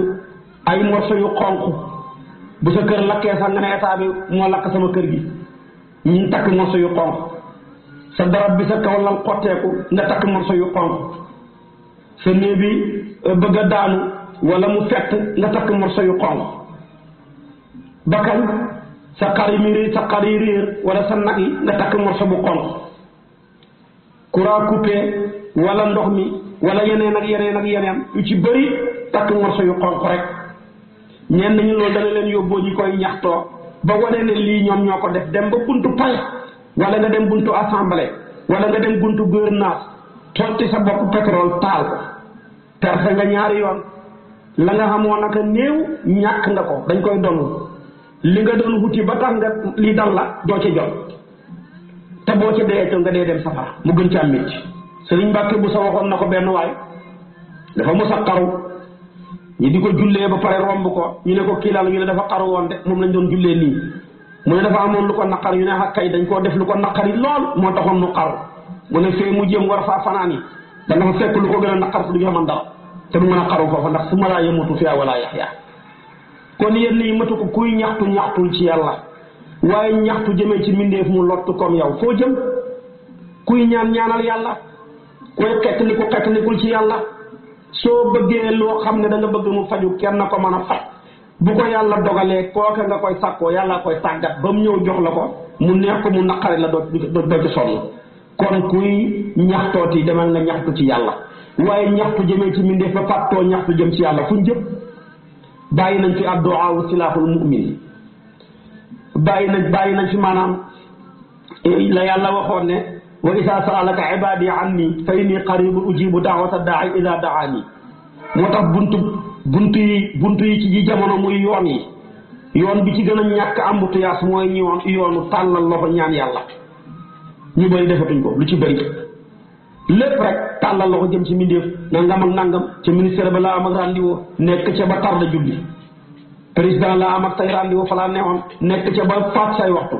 ay morso yu xonq bu sa kër lakkee sax nga ne état bi moo lakk sama kër gi ñu takk morso yu xonq sa darab bi sa kaw lal xotteeku nga takk morso yu xonq sa bi euh, bëgg a daanu wala mu fett nga takk morso yu xonq bakkan sa xar yi muy sa xar yi réer wala sa nag yi nga takk morso bu xonq courant coupé wala ndox mi wala yeneen ak yeneen ak yeneen yu ci bëri takk morso yu xonq rek ñenn ñu loolu dana leen yóbboo ñu koy ñaxtoo ba wane ne lii ñoom ñoo ko def dem ba buntu palais wala nga dem buntu assemblée wala nga dem buntu gouvernance sotti sa bopp pétrole taal te perte nga ñaari yoon la nga xamoon naka néew ñàkk nga ko dañ koy donn li nga doon wuti ba tax nga li dal la doo ci jot te boo ca dee to nga dee dem safara mu gën ci am métti Sëriñ Mbàkke bu sa waxoon na ko benn waay dafa mos a xaru ñi di ko jullee ba pare romb ko ñu ne ko kiilal ñu ne dafa xaru woon de moom lañ doon jullee nii mu ne dafa amoon lu ko naqar yu ne xakkay ah dañ koo def lu ko naqari lool moo taxoon mu xaru mu ne fee mu jéem war faa fanaan yi danga fa fekk lu ko gën a naqar du ñu xaman dara a xaru foofa ndax su ma laa yemutu fiyaa wala yaxyaa kon yenn yi matu ko kuy ñaxtu ñaxtul ci yàlla waaye ñaxtu jëmee ci mbindeef mu lottu koom yow foo jëm kuy ñaan ñaanal yàlla kuy xettaliku xettalikul ci yàlla soo bëggee loo xam ne da bëgg mu faju kenn ko mën a faj bu ko yàlla dogalee kooka nga koy sàkkoo yàlla koy tàggat ba mu ñëw jox la ko mu neex ko mu naqari la doo doo ci sonn kon kuy ñaxtooti demal nga ñaxtu ci yàlla waaye ñaxtu jëmee ci mbindeef ba fàttoo ñaxtu jëm ci yàlla fu njëpp bàyyi nañ fi adduwaawu silaahul mu'min bàyyi nañ bàyyi nañ fi maanaam la yàlla waxoon ne wa isa saalaka ibadi anni fa inni qaribun ujibu daawata daai ida daani moo tax buntu buntu yi bunt yi ci ji jamono muy yoon yi yoon bi ci gën a ñàkk ambutu yaas mooy ñoon yoonu tàllal loxo ñaan yàlla ñu bëri defatuñ ko lu ci bëri lépp rek tàllal loxo jëm ci mbindeef nangam ak nangam ca ministère ba la am ak rendez-vous nekk ca ba tarda julli président laa am ak say rendez-vous fa laa neexoon nekk ca ba faat say waxtu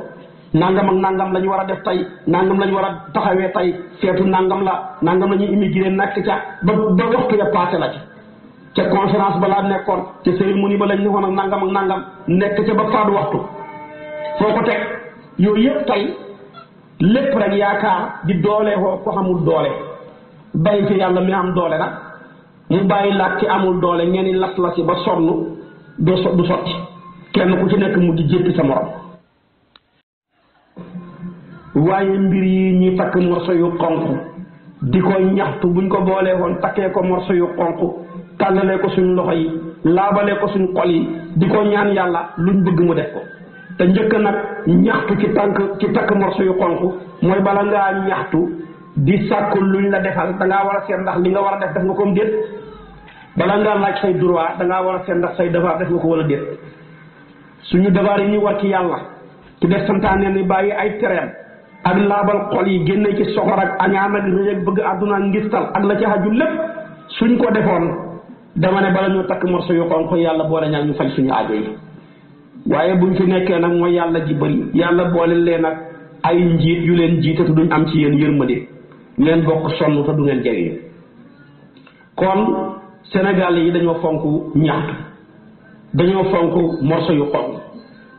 nangam ak nangam la ñu war a def tey nangam lañu war a taxawee tey feetu nangam la nangam la ñuy immigré nekk ca ba ba waxtu ya passé la ci ca conférence ba nekkoon ca cérémonie ba lañ nekkoon ak nangam ak nangam nekk ca ba faatu waxtu foo ko teg yooyu yëpp tey lépp rek yaakaar di doole woo ko xamul doole bàyyi fi yàlla mi am doole nag mu bàyyi laaj ci amul doole ngeen las lasi ba sonn du sotti kenn ku ci nekk mu di jéppi sa morom waaye mbir yi ñuy takk morso yu xonq di ko ñaxtu buñ ko boolee woon takkee ko morso yu xonq tàllalee ko suñ loxo yi laabalee ko suñ xol yi di ko ñaan yàlla luñ bëgg mu def ko te njëkk nag ñaxtu ki tànk ki takk morso yu xonq mooy bala ngaa ñaxtu di sàkku luñ la defal da ngaa war a seet ndax li nga war a def def nga ko déet bala ngaa laaj say droit da ngaa war a seet ndax say devoir def nga ko wala déet suñu devoir yi ñu war ci yàlla ci def santaane ni ay tereem ak laabal xol yi génne ci soxor ak añaan ak rëy bëgg àdduna ak ngistal ak la ci xaju lépp suñ ko defoon dama ne bala ñu takk morso yu xonq yàlla boole ñaan ñu faj suñu aajo yi waaye buñ fi nekkee nag mooy yàlla ji bëri yàlla boole leen ak ay njiit yu leen jiite te duñ am ci yéen yërmande ngeen bokk sonn te du ngeen jege kon Sénégal yi dañoo fonk ñaxtu dañoo fonk morso yu xonq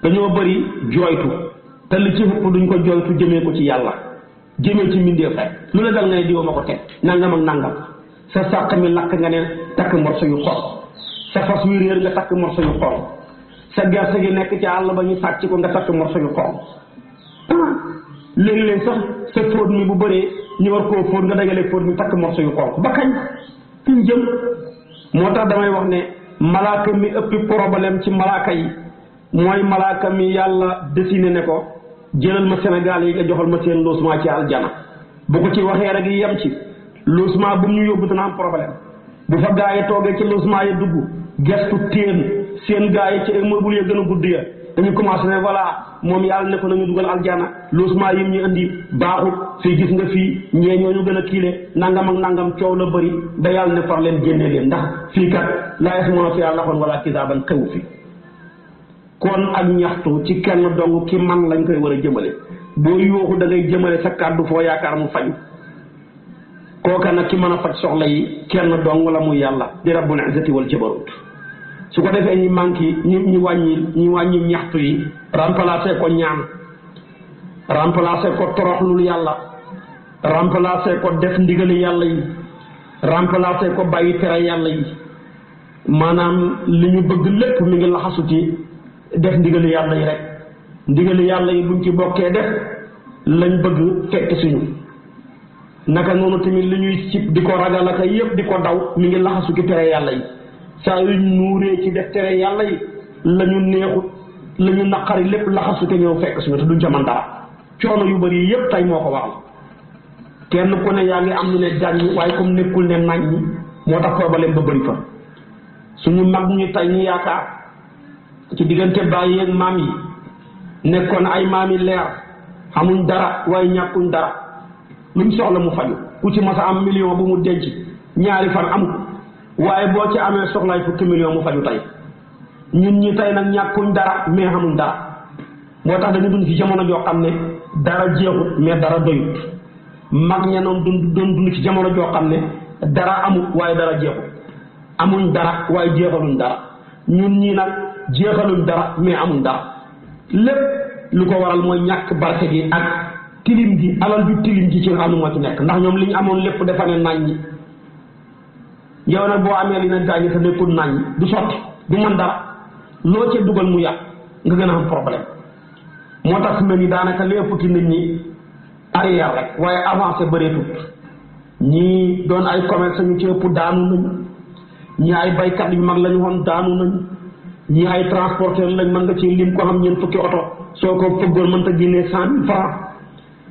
dañoo bëri jooytu te li ci ëpp duñ ko jooytu jëmee ko ci yàlla jëmee ci mbindeef rek lu la dal na ne ma ko teg nangam ak nangam sa sàq mi lakk nga ne takk morso yu xonq sa fas wi réer nga takk morso yu xonq sa gerte gi nekk ci àll ba ñu sàcc ko nga takk morso yu xonq ah! léegi-léeg sax sa fóot mi bu bëree ñu war koo fóot nga dagale fóot mi takk morso yu xonq ba kañ fi ñu jëm moo tax damay wax ne malaaka mi ëppi problème ci malaaka yi mooy malaaka mi yàlla dessiné ne ko jëlal ma Sénégal yi nga joxal ma seen loosuma ci aljana bu ko ci waxee rek yi yem ci loosuma bu mu ñu yóbbu dana am problème bu fa gaa yi toogee ci loosuma yi dugg gestu téen seen gaa yi ci immeuble ya gën a gudd ya dañu commencé ne voilà moom yàlla ne ko nañu dugal aljana loosuma yi ñu indi baaxut fii gis nga fii ñee ñooñu gën a kiile nangam ak nangam coow la bëri da yàlla ne far leen génne leen ndax fii kat laa yasmuna fiihaa laxwan wala kisaaban xew fi kon ak ñaxtu ci kenn dong ki man lañ koy war a jëmale boo yooxu da ngay jëmale sa kàddu foo yaakaar mu faj kooka nag ki mën a faj soxla yi kenn dong la mu yàlla di rabbul izzati wal jabarut su ko defee ni manqué ñi ñi wàññi ñi ñaxtu yi remplacer ko ñaan remplacer ko toroxlul yàlla remplacer ko def ndigali yàlla yi remplacer ko bàyyi tere yàlla yi maanaam li ñu bëgg lépp mi ngi laxasuti def ndigalu yàlla yi rek ndigalu yàlla yi buñ ci bokkee def lañ bëgg fekk suñu naka noonu tamit li ñuy di ko ragal ak yëpp di ko daw mi ngi laxasu ci tere yàlla yi saa yuñ def tere yàlla yi la ñu neexut la ñu naqari lépp laxasu te ñëw fekk suñu te duñ yu bëri yi yëpp tey moo ko waral kenn ne yaa am ñu ne jàññ waaye comme nekkul ne nañ moo tax problème ba ñu yaakaar ci diggante bàyyi maam yi nekkoon ay maami leer amuñ dara waaye ñàkkuñ dara luñ soxla mu faju ku ci masa am million bu mu denc ñaari fan am ko waaye boo ci amee soxlaay fukki million mu faju tey ñun ñi tey nag ñàkkuñ dara mais amuñ dara moo tax dañu dund ci jamono joo xam ne dara jeexut mais dara doyut mag ña noonu dund doon dund ci jamono joo xam ne dara amut waaye dara jeexut amuñ dara waaye jeexaluñ dara ñun ñii nag jeexaluñ dara mais amuñ dara lépp lu ko waral mooy ñàkk barke gi ak tilim gi alal ju tilim ji ci nga xam ne moo ci nekk ndax ñoom li ñu amoon lépp dafa ne nañ yow nag boo amee li na daañu te nekkul nañ du sotti du mën dara loo ca dugal mu yàq nga gën a am problème moo tax mel ni daanaka lépp ci nit ñi arrière rek waaye avancé bëreetut ñii doon ay commerce ñu ci ëpp daanu nañ ñi ay baykat yu mag lañu ñu woon daanu nañ ñii ay transporteur lañ mën nga ci lim ko xam ñeent fukki oto soo ko fëggoon mën ta génnee cent mille francs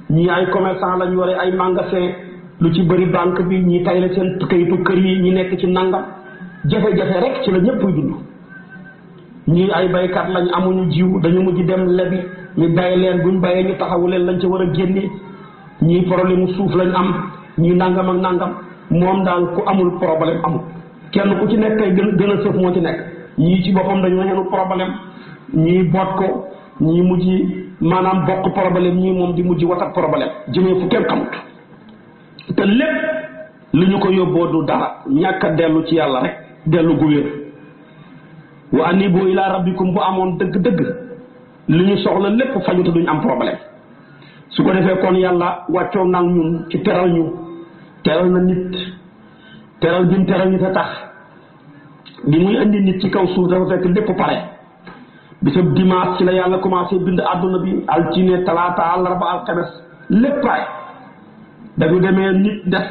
ñii ay commerçant lañ ay magasin lu ci bëri banque bi ñi tay la seen kayitu kër yi nekk ci nangam jafe ci la ñëpp dund ay baykat lañ amuñu jiw dañu mujj dem lebi ñu bay leen buñ bayee ñu taxawu leen lañ ci war a génnee ñii problème suuf lañ am ñii nangam ak nangam moom daan ku amul problème amul kenn ku ci nekk tey gën gën a sëf moo ci nekk ñii ci boppam dañoo ñenu problème ñii boot ko ñii mujj maanaam bokk problème ñii moom di mujj watat problème jëmee fu kenn xamut te lépp li ñu ko yóbboo du dara ñàkk a dellu ci yàlla rek dellu gu wér wa anibu ila rabbikum bu amoon dëgg-dëgg li ñu soxla lépp faju te duñ am problème su ko defee kon yàlla wàccoo nag ñun ci teral ñu teral na nit teral bi mu teral nit a tax li muy indi nit ci kaw suuf dafa fekk lépp pare bisab dimanche ci la yàlla commencé bind àdduna bi altine talaata àllarba alxames lépp pare dañu demee nit des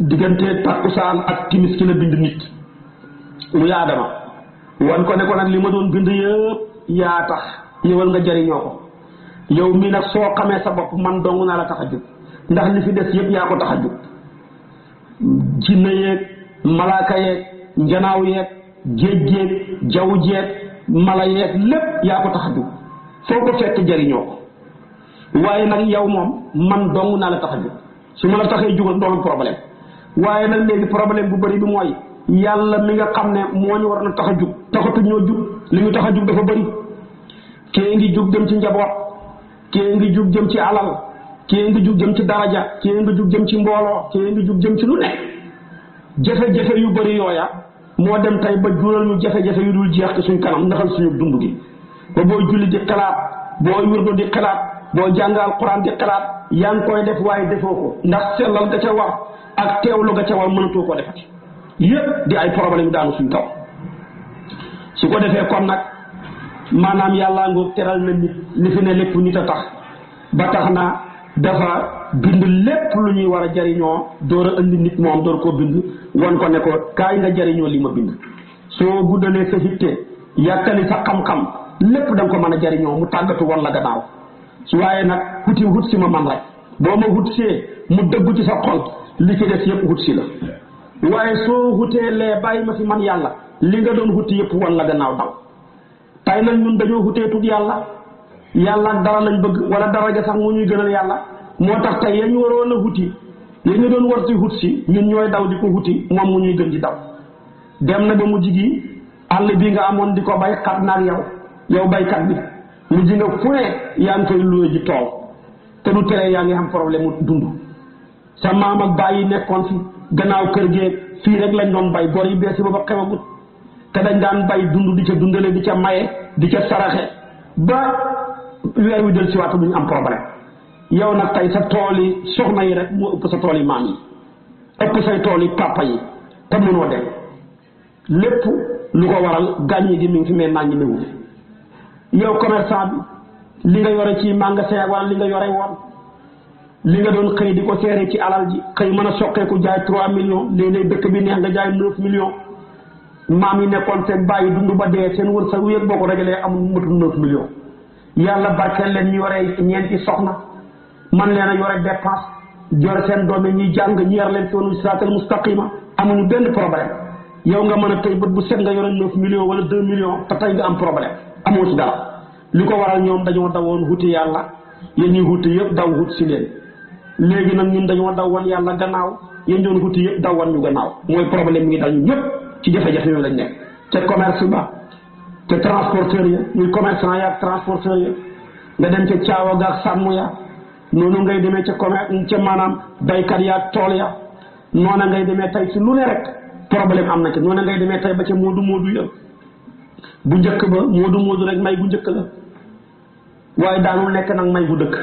diggante takkusaan ak timis ci la bind nit mu yaadama wan ko ne ko li ma doon bind yëpp yaa tax ñëwal nga jariñoo ko yow mii nag soo xamee sa bopp man dong naa la tax a jóg ndax li fi des yëpp yaa ko tax a jóg jinne yeeg malaaka yeeg njanaaw yeeg géej géej jaww jeeg mala yeeg lépp yaa ko tax a foo ko fekk jariñoo ko waaye nag yow moom man dong naa la tax a jóg su ma la taxee jugal doon problème waaye nag léegi problème bu bari bi mooy yàlla mi nga xam ne moo ñu war na tax a jug taxatu ñoo jug li ñu tax a jug dafa bëri kée ngi jug jëm ci njaboot kée ngi jug jëm ci alal kée ngi jug jëm ci daraja kée ngi jug jëm ci mbooloo kée ngi jug jëm ci lu nekk jafe-jafe yu bëri yooya moo dem tey ba jural ñu jafe-jafe yu dul jeex ci suñ kanam naxal suñu dund gi ba booy julli di xalaat booy wirdu di xalaat boo jàngal quran di xalaat yaa ngi koy def waaye defoo ko ndax sellal ga ca war ak teewlu ga ca war mënatoo ko defati yépp di ay problème yu daanu suñ kaw su ko defee kon nag maanaam yàllaa ngoog teral na nit li fi ne lépp nit a tax ba tax na dafa bind lépp lu ñuy war a jariñoo door a indi nit moom door koo bind wan ko ne ko kaay nga jariñoo li ma bind soo guddalee sa hitte yàkkali sa xam-xam lépp da ko mën a jariñoo mu tàggatu woon la gannaaw su waaye nag huti hut si ma man rek boo ma hut see mu dëggu ci sa xol li ci des yëpp hut si la waaye soo hutee lee bàyyi ma fi man yàlla li nga doon huti yëpp wan la gannaaw daw tay nag ñun dañoo hutee tut yàlla yàlla dara lañ bëgg wala dara ja sax mu ñuy gënal yàlla moo tax tey yañ waroon a wuti yañu doon war si wut si ñun ñooy daw di ko wuti moom mu ñuy gën di daw dem na ba mu jigi àll bi nga amoon di ko bay xat naag yow yow baykat bi mu ji nga fu ne yaa ngi koy luwe ji tool te du tere yaa ngi am problème mu dund sa maam ak baay yi nekkoon si gannaaw kër gi fii rek lañ doon bay gor yi bees yi ba ba xewagut te dañ daan bay dund di ca dundale di ca maye di ca saraxe ba weer wi del si waatu duñu am problème yow nag tey sa tool yi soxna yi rek moo ëpp sa tool yi maam yi ëpp say tool yi papa yi te mënoo dem lépp lu ko waral gàññi gi mi ngi fi mais naan ñi néewu yow commerçant bi li nga yore ci magasin wala li nga yore woon nga doon xëy di ko seere ci alal ji xëy mën a soqeeku jaay 3 millions léeg dëkk bi neex nga jaay 9 millions maam yi nekkoon seen bàyyi dund ba dee seen wër sa wéeg boo ko régalee amul matul 9 millions yàlla barkeel leen ñu yore ñeenti soxna. man leen a yore dépense jor seen doom yi ñuy jàng ñu yar leen toonu siraatal mustaqima amuñu benn problème yow nga mën a tey bët bu set nga yore neuf millions wala deux millions te tey nga am problème amoo ci dara li ko waral ñoom dañoo dawoon wuti yàlla yéen ñuy wuti yëpp daw wut si leen léegi nag ñun dañoo daw wan yàlla gannaaw yéen doon wuti yëpp daw wan ñu gannaaw mooy problème mi ngi dal ñun ñëpp ci jafe-jafe yooyu lañ nekk ca commerce te transporteur ya ñuy commerçant ya ak transporteur ya nga dem ca caawa ga noonu ngay demee ca commerce ca maanaam baykat yaag tool ya noona ngay demee tey ci lu ne rek problème am na ci noona ngay demee tey ba ca moodu moodu ya bu njëkk ba moodu moodu rek may bu njëkk la waaye daanul nekk nag may bu dëkk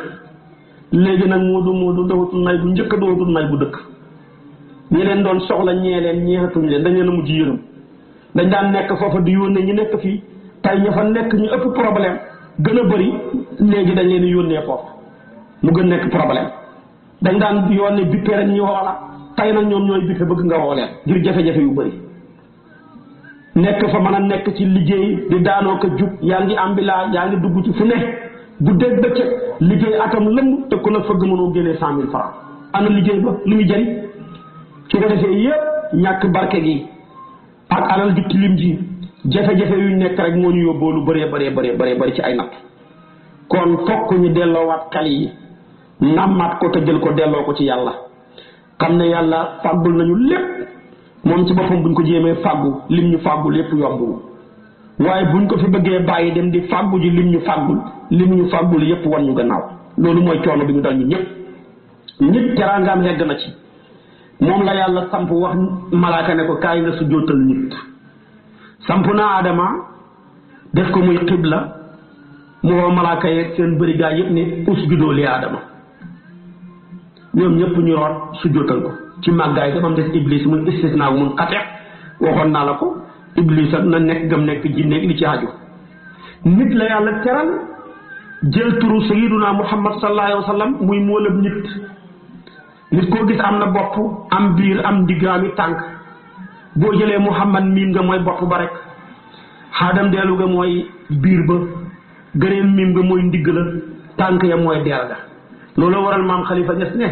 léegi nag moodu moodu dootul may bu njëkk dootul may bu dëkk ñi leen doon soxla ñee leen ñeexatuñ leen dañ leen a mujj yërëm dañ daan nekk foofa di yónnee ñu nekk fii tey ña fa nekk ñu ëpp problème gën a bari léegi dañ leen yónnee foofu mu gën nekk problème dañ daan yoon ne bippe rek woo la tey nag ñoom ñooy bippe bëgg nga woo leen ngir jafe-jafe yu bëri nekk fa mën a nekk ci liggéey di daanoo ko jub yaa ngi ambila yaa ngi dugg ci fu ne bu dégg bëccëg liggéey atam lëmb tëkku ku la fëgg mënoo génnee cent mille francs ana liggéey ba lu muy jëriñ su ko defee yëpp ñàkk barke gi ak alal di tilim ji jafe-jafe yu nekk rek moo ñu yóbboo lu bëree bëree bëree bëree bëri ci ay natt kon fokk ñu delloowaat xel yi nàmmaat ko te jël ko delloo ko ci yàlla xam ne yàlla fàggul nañu lépp moom ci boppam buñ ko jéemee fàggu lim ñu fàggul yépp yombul waaye buñ ko fi bëggee bàyyi dem di fàggu ji lim ñu fàggul lim ñu fàggul yépp wan ñu gannaaw loolu mooy coono bi ñu dal ñu ñëpp nit teraangaam yegg na ci moom la yàlla samp wax malaaka ne ko kaay nga su jóotal nit samp na Adama def ko muy xibla mu woo malaaka yeeg seen bëri yépp ne usjudoo li Adama ñoom ñëpp ñu root sujjóotal ko ci màggaay ga ba mu des iblis mun istisnaa mun naa la ko iblis ak na nekk gëm nekk jinne li ci aju nit la yàlla teral jël turu sayyiduna muhammad sallallahu alayhi muy móolab nit nit koo gis am na bopp am biir am ndiggaami tànk boo jëlee muhammad miim nga mooy bopp ba rek xaadam deelu nga mooy biir ba gëreem miim nga mooy ndigg la tànk ya mooy deel ga loolu waral maam xalifa ñes ne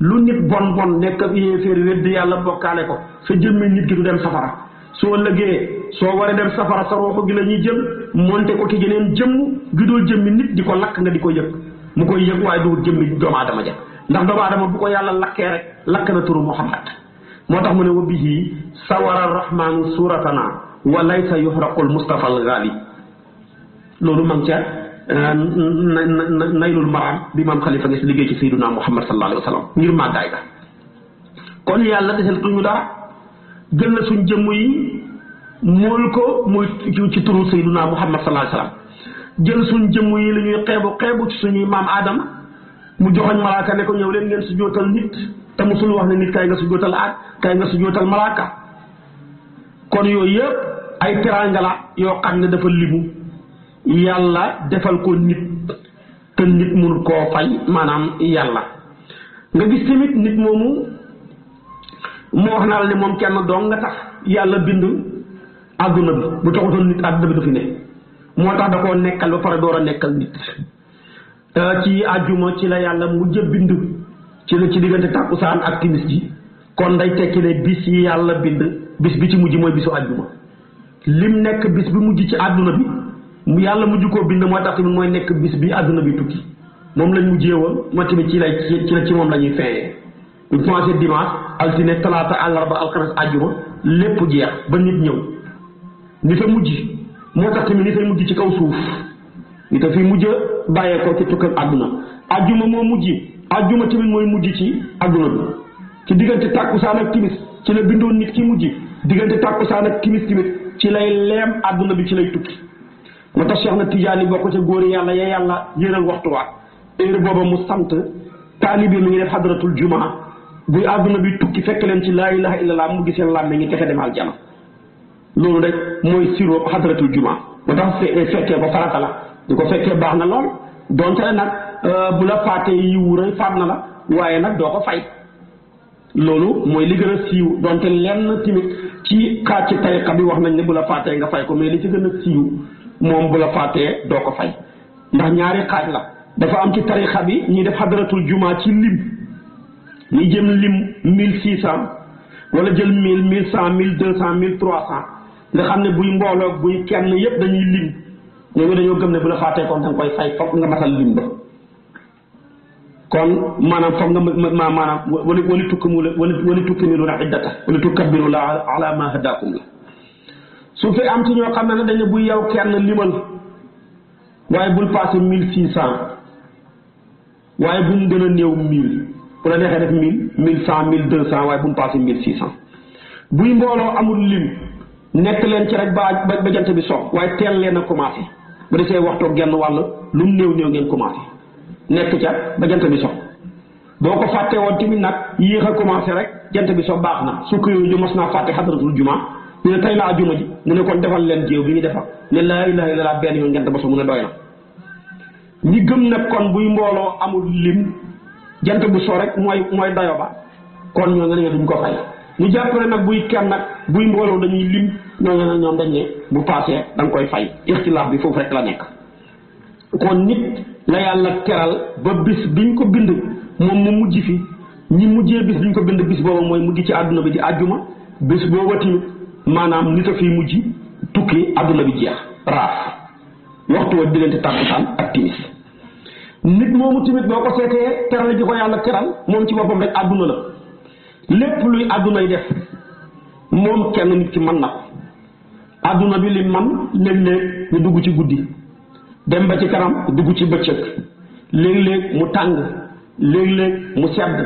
lu nit bon bon nekk ak yéeféer wedd yàlla bokkaale ko sa jëmmi nit ki du dem safara soo lëgee soo waree dem safara sa roxo gi la ñuy jëm monte ko ki jëmm gi doo jëmmi nit di ko lakk nga di ko yëg mu koy yëg waaye du jëmmi doomu aadama ja ndax doomu aadama bu ko yàlla lakkee rek lakk na turu muhammad moo tax mu ne wa sa sawara a suratana wa laysa yuhraqul mustafa al ghali loolu mang ca Euh, naylul maraam bi maam xalifa ngis liggéey ci sayyiduna muhammad sallallahu alayhi wa sallam ngir màggaay ga kon yàlla desel tuñu dara jël na suñ jëmm yi mool ko muy ci turu sayyiduna muhammad sallallahu alayhi wa sallam jël suñ jëmm yi li ñuy xeebu xeebu ci suñuy maam aadama mu joxoñ malaaka ne ko ñëw leen ngeen su jootal nit te musul wax ne nit kay nga su jootal aat kay nga su jootal malaaka kon yooyu yëpp ay teraanga yoo xam ne dafa limu yàlla defal ko nit te nit mënul koo fay maanaam yàlla nga gis tamit nit moomu moo wax naa la ne moom kenn doom nga tax yàlla bind àdduna bi bu taxutoon nit àdduna bi ne moo tax da koo nekkal ba pare door a nekkal nit ci àjjuma ci la yàlla mujj a bind ci la ci diggante tàkkusaan ak timis ji kon day tekki ne yàlla bind bis bi ci mujj mooy bisu àjjuma lim nekk bis bi mujj ci àdduna bi yàlla mujj koo bind moo tax tamit mooy nekk bis bi àdduna bi tukki moom lañ mujjee woon moo tamit ci lay ci la ci moom la ñuy feeyee bu ñu commencé dimanche altine talaata àllarba alxames àjjuma lépp jeex ba nit ñëw nit a mujj moo tax tamit nit a mujj ci kaw suuf nit a fi mujj a bàyyeekoo ci tukkal àdduna àjjuma moo mujj àjjuma tamit mooy mujj ci àdduna bi ci diggante tàkkusaan ak timis ci la bindoon nit ki mujj diggante tàkkusaan ak timis tamit ci lay leem àdduna bi ci lay tukki moo tax Cheikh na Tijaani bokk ca góori yàlla ya yàlla yëral waa heure booba mu sant taalibi mi ngi def hadratul jumaa bu àdduna bi tukki fekk leen ci laa ilaha illallah mu giseen làmme ngi texe dem jana loolu rek mooy siroo hadratul jumaa moo tax eh, fekkee ba farata la di ko fekkee baax na lool donte ne nag euh, bu la faatee yiwu rëy faat na la waaye nag doo ko fay loolu mooy li gën a siiw donte lenn tamit ci xaaj ci tariqa bi wax nañ ne bu la faatee nga li ci gën a siiw moom bu la fàttee doo ko fay ndax ñaari xaaj la dafa am ci tarixa bi ñi def xadaratul jumaa ci lim ñi jëm lim mille six cent wala jël mille mille cent mille deux cent mille trois cent nga xam ne buy mbooloo buy kenn yépp dañuy lim ñooñu dañoo gëm ne bu la fàttee kon danga koy fay foog nga matal lim ba kon maanaam foog nga ma maanaam wali wali tukki mu wali wali tukki mi lu na iddata wali tukkabiru la ala ma hadakum la su fi am ci ñoo xam ne dañ ne bu yow kenn limal waaye bul passé mille six cent waaye bu mu gën a néew mille bu la neexee def mille mille cent mille deux cent waaye bu mu passé mille six cent buy mbooloo amul lim nekk leen ci rek ba ba jant bi so waaye teel leen a commencé ba desee waxtoo genn wàll lu mu néew néew ngeen commencé nekk ca ba jant bi so boo ko fàtte woon tamit nag yéex a commencé rek jant bi so baax na sukk yooyu ñu mos naa fàtte xadaratul ñu ne tey la ajuma ji ñu ne kon defal leen jéew bi ñu defal ne laa ilaha illallah benn yoon ngeen bosu mu ne doy na ñi gëm ne kon buy mbooloo amul lim jant bu so rek mooy mooy dayo ba kon duñ ko fay ñu jàpp ne nag buy kenn nag buy mbooloo dañuy lim ñoo nga ne ñoom dañ ne bu paasee da nga koy fay ixtilaaf bi foofu rek la nekk kon nit la yàlla teral ba bis biñ ko bind moom mu mujj fi ñi mujjee bis biñ ko bind bis booba mooy mujj ci àdduna bi di àjjuma bis booba tamit maanaam nit a fiy mujj tukki àdduna bi jeex raaf waxtu wa diggante tàkkusaan ak timis nit moomu tamit boo ko seetee teral ji ko yàlla teral moom ci boppam rek àdduna la lépp luy yi def moom kenn nit ki man na ko àdduna bi li man léeg-léeg ñu dugg ci guddi dem ba ci kanam dugg ci bëccëg léeg-léeg mu tàng léeg-léeg mu sedd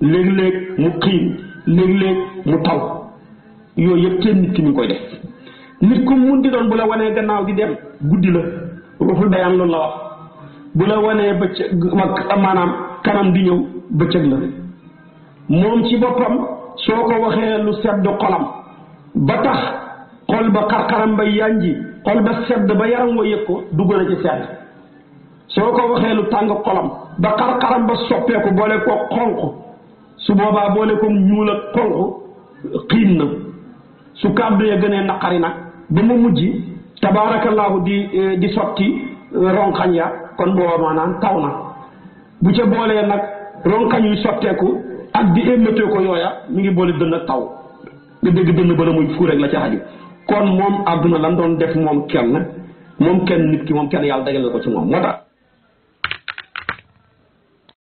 léeg-léeg mu xiin léeg-léeg mu taw yooyu yëpp kenn nit ki mi ngi koy def nit ku mun di doon bu la wanee gannaaw gi dem guddi la ruuxul bayaan loolu la wax bu la wanee bëccëg maanaam kanam di ñëw bëccëg la moom ci boppam soo ko waxee lu sedd xolam ba tax xol ba xarxaram ba yànji xol ba sedd ba yaram wa yëg ko dugg na ci sedd soo ko waxee lu tàng xolam ba xarxaram ba soppeeku boole ko xonq su boobaa boole ko ñuul xonq xiin na su kàddu ya gënee naqari nag ba mu mujj tabaarakallaahu di eh, di sotti eh, ronkañ ya kon booba naan taw na bu ca boolee nag ronkañ yu sotteeku ak di émétee ko yooya mi ngi boole dënn taw nga dégg dënn ba la muy fuur rek la ca xaju kon moom àdduna lan doon def moom kenn moom kenn nit ki moom kenn yàlla dagale ko ci moom moo tax